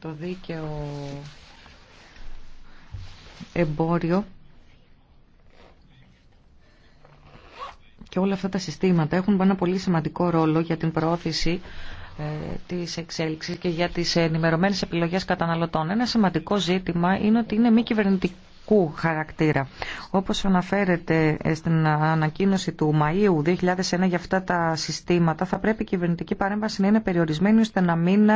Το δίκαιο εμπόριο και όλα αυτά τα συστήματα έχουν ένα πολύ σημαντικό ρόλο για την προώθηση ε, της εξέλιξης και για τις ενημερωμένες επιλογές καταναλωτών. Ένα σημαντικό ζήτημα είναι ότι είναι μη κυβερνητική Όπω χαρακτήρα. Όπως αναφέρεται στην ανακοίνωση του Μαΐου 2001 για αυτά τα συστήματα, θα πρέπει η κυβερνητική παρέμβαση να είναι περιορισμένη ώστε να μην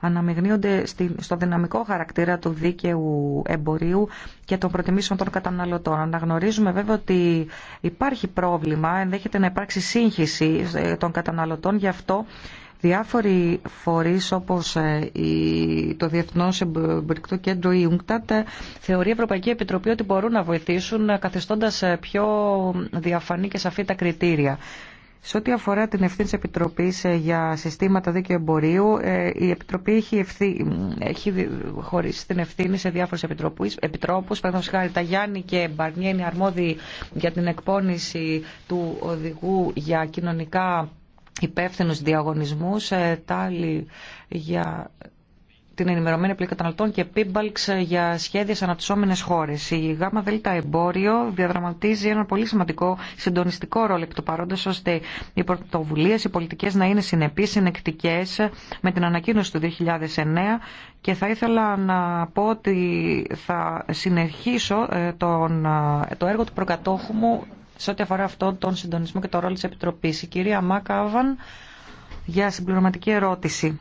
αναμειγνύονται στο δυναμικό χαρακτήρα του δίκαιου εμπορίου και των προτιμήσεων των καταναλωτών. Αναγνωρίζουμε βέβαια ότι υπάρχει πρόβλημα, ενδέχεται να υπάρξει σύγχυση ε, των καταναλωτών, γι' αυτό Διάφοροι φορείς όπως ε, το Διεθνώς Εμπορικτό Κέντρο η UNCTAD ε, θεωρεί η Ευρωπαϊκή Επιτροπή ότι μπορούν να βοηθήσουν ε, καθιστώντας πιο διαφανή και σαφή τα κριτήρια. Σε ό,τι αφορά την ευθύνη τη Επιτροπή για συστήματα δίκαιου εμπορίου, η Επιτροπή έχει, ευθύ... έχει χωρίσει την ευθύνη σε διάφορου επιτρόπου. Παραδείγματο χάρη, τα Γιάννη και Μπαρνιέ είναι αρμόδιοι για την εκπόνηση του οδηγού για κοινωνικά υπεύθυνους διαγωνισμούς, ε, τάλι για την ενημερωμένη πλήρη καταναλωτών και πίμπαλξ για σχέδια σε αναπτυσσόμενε χώρε. Η ΓΑΜΑ ΔΕΛΤΑ Εμπόριο διαδραματίζει ένα πολύ σημαντικό συντονιστικό ρόλο επί του παρόντο, ώστε οι πρωτοβουλίε, οι πολιτικέ να είναι συνεπεί, συνεκτικές με την ανακοίνωση του 2009. Και θα ήθελα να πω ότι θα συνεχίσω ε, ε, το έργο του προκατόχου μου σε ό,τι αφορά αυτόν τον συντονισμό και το ρόλο της Επιτροπής. Η κυρία Μάκαβαν για συμπληρωματική ερώτηση.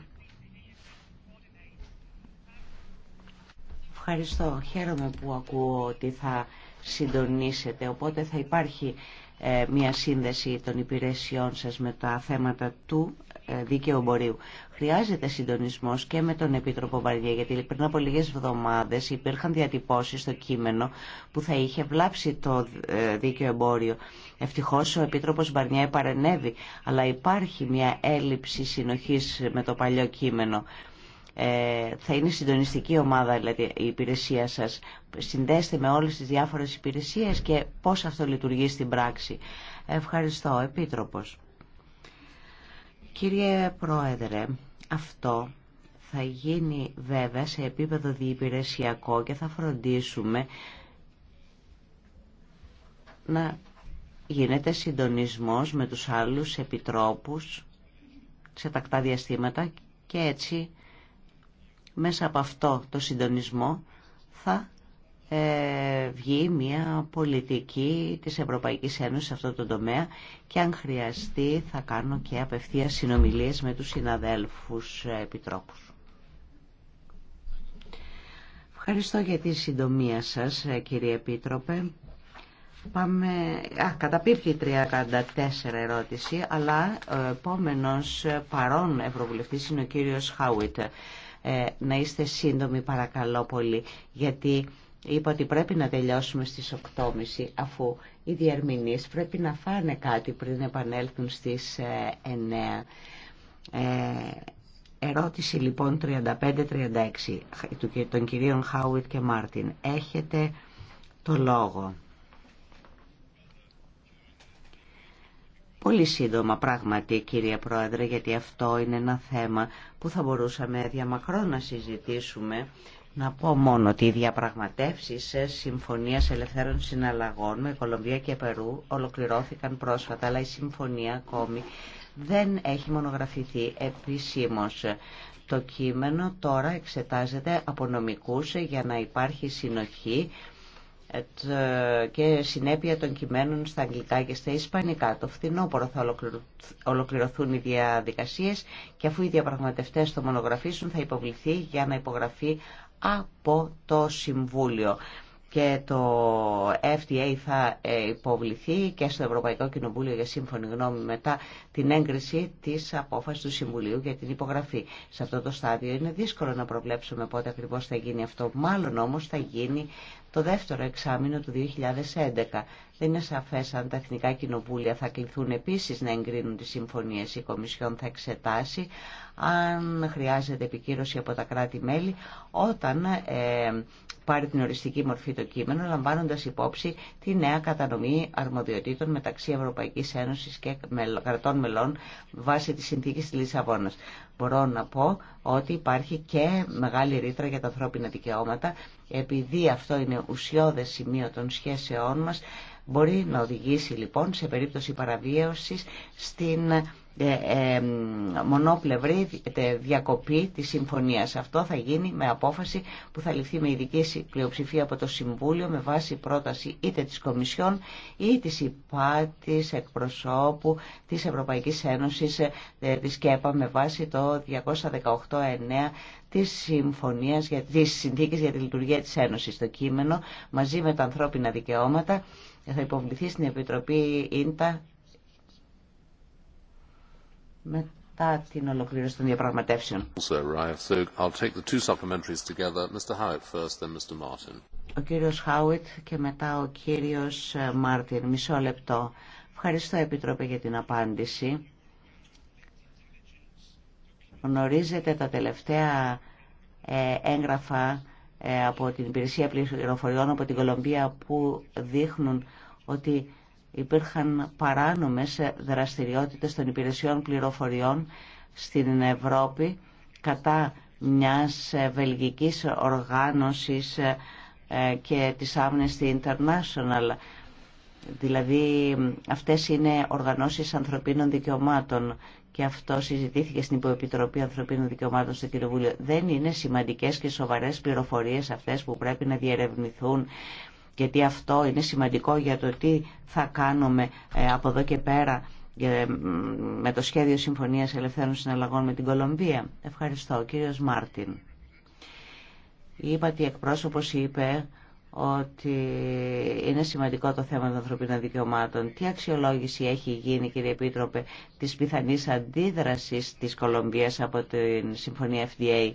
Ευχαριστώ. Χαίρομαι που ακούω ότι θα συντονίσετε. Οπότε θα υπάρχει ε, μια σύνδεση των υπηρεσιών σας με τα θέματα του ε, δίκαιο εμπορίου. Χρειάζεται συντονισμό και με τον Επίτροπο Βαρδιέ, γιατί πριν από λίγε εβδομάδε υπήρχαν διατυπώσει στο κείμενο που θα είχε βλάψει το ε, δίκαιο εμπόριο. Ευτυχώ ο Επίτροπο Μπαρνιά παρενέβη, αλλά υπάρχει μια έλλειψη συνοχή με το παλιό κείμενο. Ε, θα είναι συντονιστική ομάδα δηλαδή, η υπηρεσία σα. Συνδέστε με όλε τι διάφορε υπηρεσίε και πώ αυτό λειτουργεί στην πράξη. Ευχαριστώ. Επίτροπος. Κύριε Πρόεδρε, αυτό θα γίνει βέβαια σε επίπεδο διυπηρεσιακό και θα φροντίσουμε να γίνεται συντονισμός με τους άλλους επιτρόπους σε τακτά διαστήματα και έτσι μέσα από αυτό το συντονισμό θα ε, βγει μια πολιτική της Ευρωπαϊκής Ένωσης σε αυτό το τομέα και αν χρειαστεί θα κάνω και απευθεία συνομιλίες με τους συναδέλφους ε, επιτρόπους. Ευχαριστώ για τη συντομία σας ε, κύριε Επίτροπε. Πάμε... Α, καταπίπτει 34 ερώτηση, αλλά ο επόμενος παρόν Ευρωβουλευτής είναι ο κύριος Χάουιτ. να είστε σύντομοι παρακαλώ πολύ, γιατί Είπα ότι πρέπει να τελειώσουμε στις 8.30 αφού οι διερμηνείς πρέπει να φάνε κάτι πριν επανέλθουν στις 9. Ε, ε, ερώτηση λοιπόν 35-36 των κυρίων Χάουιτ και Μάρτιν. Έχετε το λόγο. Πολύ σύντομα πράγματι κύριε Πρόεδρε γιατί αυτό είναι ένα θέμα που θα μπορούσαμε διαμακρό να συζητήσουμε να πω μόνο ότι οι διαπραγματεύσει σε συμφωνία ελευθέρων συναλλαγών με Κολομβία και Περού ολοκληρώθηκαν πρόσφατα, αλλά η συμφωνία ακόμη δεν έχει μονογραφηθεί επισήμω. Το κείμενο τώρα εξετάζεται από νομικού για να υπάρχει συνοχή ε, και συνέπεια των κειμένων στα αγγλικά και στα ισπανικά. Το φθινόπωρο θα ολοκληρωθούν οι διαδικασίες και αφού οι διαπραγματευτές το μονογραφήσουν θα υποβληθεί για να υπογραφεί από το Συμβούλιο και το FTA θα ε, υποβληθεί και στο Ευρωπαϊκό Κοινοβούλιο για σύμφωνη γνώμη μετά την έγκριση της απόφασης του Συμβουλίου για την υπογραφή. Σε αυτό το στάδιο είναι δύσκολο να προβλέψουμε πότε ακριβώς θα γίνει αυτό. Μάλλον όμως θα γίνει το δεύτερο εξάμεινο του 2011 δεν είναι σαφέ αν τα εθνικά κοινοβούλια θα κληθούν επίση να εγκρίνουν τι συμφωνίε Η Κομισιόν θα εξετάσει αν χρειάζεται επικύρωση από τα κράτη-μέλη όταν ε, πάρει την οριστική μορφή το κείμενο, λαμβάνοντα υπόψη τη νέα κατανομή αρμοδιοτήτων μεταξύ Ευρωπαϊκή Ένωση και κρατών μελών βάσει τη συνθήκη τη Λισαβόνα. Μπορώ να πω ότι υπάρχει και μεγάλη ρήτρα για τα ανθρώπινα δικαιώματα, επειδή αυτό είναι ουσιώδες σημείο των σχέσεών μας, μπορεί να οδηγήσει λοιπόν σε περίπτωση παραβίωσης στην ε, ε, μονοπλευρή διακοπή της συμφωνίας. Αυτό θα γίνει με απόφαση που θα ληφθεί με ειδική πλειοψηφία από το Συμβούλιο με βάση πρόταση είτε της Κομισιόν ή της ΥΠΑ της εκπροσώπου της Ευρωπαϊκής Ένωσης ε, της ΚΕΠΑ με βάση το 218.9 της Συμφωνίας της Συνθήκης για τη Λειτουργία της Ένωσης. Το κείμενο μαζί με τα ανθρώπινα δικαιώματα θα υποβληθεί στην Επιτροπή ΙΝΤΑ μετά την ολοκλήρωση των διαπραγματεύσεων. Ο κύριος Χάουιτ και μετά ο κύριος ε, Μάρτιν. Μισό λεπτό. Ευχαριστώ, Επιτρόπε, για την απάντηση. Γνωρίζετε τα τελευταία ε, έγγραφα ε, από την υπηρεσία πληροφοριών από την Κολομπία που δείχνουν ότι υπήρχαν παράνομες δραστηριότητες των υπηρεσιών πληροφοριών στην Ευρώπη κατά μιας βελγικής οργάνωσης ε, και της Amnesty International. Δηλαδή αυτές είναι οργανώσεις ανθρωπίνων δικαιωμάτων και αυτό συζητήθηκε στην Υποεπιτροπή Ανθρωπίνων Δικαιωμάτων στο Κοινοβούλιο. Δεν είναι σημαντικές και σοβαρέ πληροφορίε αυτές που πρέπει να διερευνηθούν γιατί αυτό είναι σημαντικό για το τι θα κάνουμε ε, από εδώ και πέρα ε, με το σχέδιο Συμφωνίας Ελευθέρων Συναλλαγών με την Κολομβία. Ευχαριστώ. κύριος Μάρτιν. Είπα εκπρόσωπος είπε ότι είναι σημαντικό το θέμα των ανθρωπίνων δικαιωμάτων. Τι αξιολόγηση έχει γίνει, κύριε Επίτροπε, της πιθανής αντίδρασης της Κολομβίας από την Συμφωνία FDA.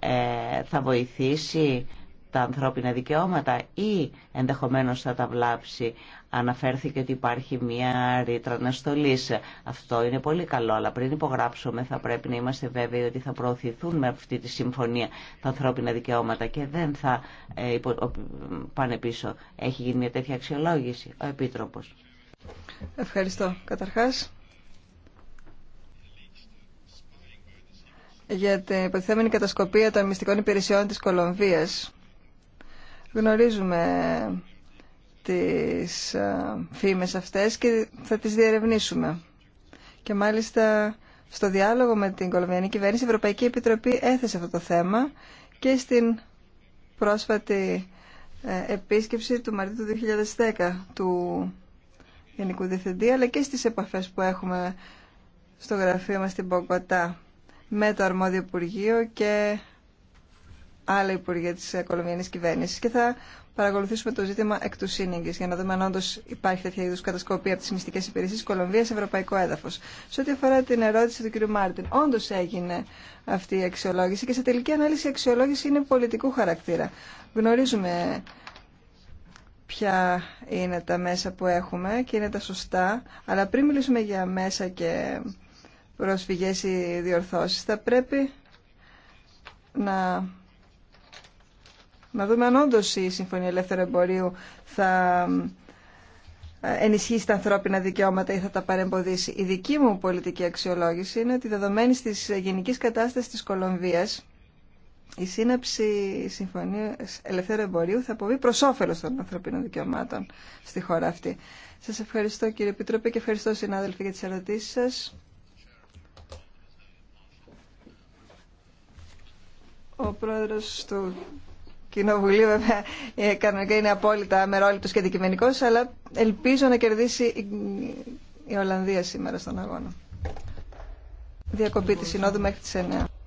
Ε, θα βοηθήσει τα ανθρώπινα δικαιώματα ή ενδεχομένως θα τα βλάψει. Αναφέρθηκε ότι υπάρχει μια ρήτρα αναστολή. Αυτό είναι πολύ καλό, αλλά πριν υπογράψουμε θα πρέπει να είμαστε βέβαιοι ότι θα προωθηθούν με αυτή τη συμφωνία τα ανθρώπινα δικαιώματα και δεν θα ε, πάνε πίσω. Έχει γίνει μια τέτοια αξιολόγηση ο Επίτροπος. Ευχαριστώ. Καταρχάς, για την υποτιθέμενη κατασκοπία των μυστικών υπηρεσιών της Κολομβίας. Γνωρίζουμε τις ε, φήμες αυτές και θα τις διερευνήσουμε. Και μάλιστα στο διάλογο με την Κολομβιανή Κυβέρνηση η Ευρωπαϊκή Επιτροπή έθεσε αυτό το θέμα και στην πρόσφατη ε, επίσκεψη του Μαρτίου του 2010 του Γενικού Διευθυντή αλλά και στις επαφές που έχουμε στο γραφείο μας στην Πογκοτά με το Αρμόδιο Υπουργείο και άλλα υπουργεία τη Κολομβιανή κυβέρνηση και θα παρακολουθήσουμε το ζήτημα εκ του σύνεγγυ για να δούμε αν όντω υπάρχει τέτοια είδου κατασκοπία από τι μυστικέ υπηρεσίε τη Κολομβία σε ευρωπαϊκό έδαφο. Σε ό,τι αφορά την ερώτηση του κ. Μάρτιν, όντω έγινε αυτή η αξιολόγηση και σε τελική ανάλυση η αξιολόγηση είναι πολιτικού χαρακτήρα. Γνωρίζουμε ποια είναι τα μέσα που έχουμε και είναι τα σωστά, αλλά πριν μιλήσουμε για μέσα και προσφυγές ή διορθώσεις, θα πρέπει να να δούμε αν όντω η Συμφωνία Ελεύθερου Εμπορίου θα ενισχύσει τα ανθρώπινα δικαιώματα ή θα τα παρεμποδίσει. Η δική μου πολιτική αξιολόγηση είναι ότι δεδομένη τη γενική κατάσταση της Κολομβίας η σύναψη συμφωνία ελευθέρου εμπορίου θα αποβεί προ όφελο των ανθρωπίνων δικαιωμάτων στη χώρα αυτή. Σας ευχαριστώ κύριε Επιτρόπε και ευχαριστώ συνάδελφοι για τι ερωτήσει σα. Ο πρόεδρος του κοινοβουλίο βέβαια ε, κανονικά είναι απόλυτα αμερόληπτος και αντικειμενικός, αλλά ελπίζω να κερδίσει η Ολλανδία σήμερα στον αγώνα. Διακοπή τη Συνόδου μέχρι τις 9.